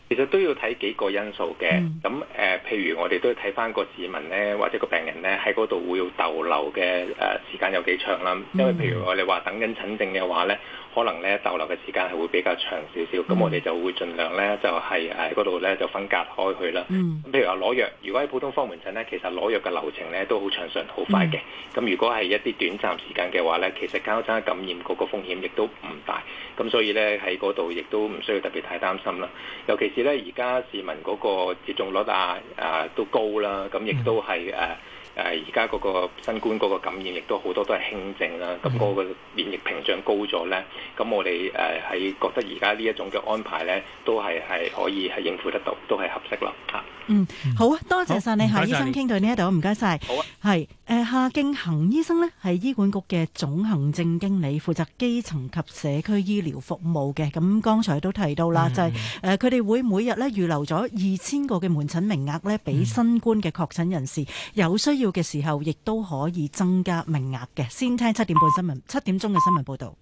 其實都要睇幾個因素嘅。咁誒，譬如我哋都要睇返個市民咧，或者個病人咧喺嗰度會要逗留嘅誒時間有幾長啦。因為譬如我哋話等緊診症嘅話咧。可能咧逗留嘅時間係會比較長少少，咁、mm. 我哋就會盡量咧就係喺嗰度咧就分隔開去啦。咁譬、mm. 如話攞藥，如果喺普通科門診咧，其實攞藥嘅流程咧都好長順、好快嘅。咁、mm. 如果係一啲短暫時間嘅話咧，其實交叉感染嗰個風險亦都唔大。咁所以咧喺嗰度亦都唔需要特別太擔心啦。尤其是咧而家市民嗰個接種率啊啊都高啦，咁亦都係誒。啊誒而家嗰個新冠嗰個感染亦都好多都係輕症啦，咁嗰、mm hmm. 個免疫屏障高咗咧，咁我哋誒係覺得而家呢一種嘅安排咧，都係係可以係應付得到，都係合適啦嚇。嗯，好啊，多謝晒你，夏醫生傾到呢一度，唔該晒。好啊吧，係誒、呃，夏敬恒醫生咧，係醫管局嘅總行政經理，負責基層及社區醫療服務嘅。咁、嗯、剛、嗯、才都提到啦，就係、是、誒，佢、呃、哋會每日咧預留咗二千個嘅門診名額咧，俾新冠嘅確診人士、嗯、有需要嘅時候，亦都可以增加名額嘅。先聽七點半新聞，七點鐘嘅新聞報道。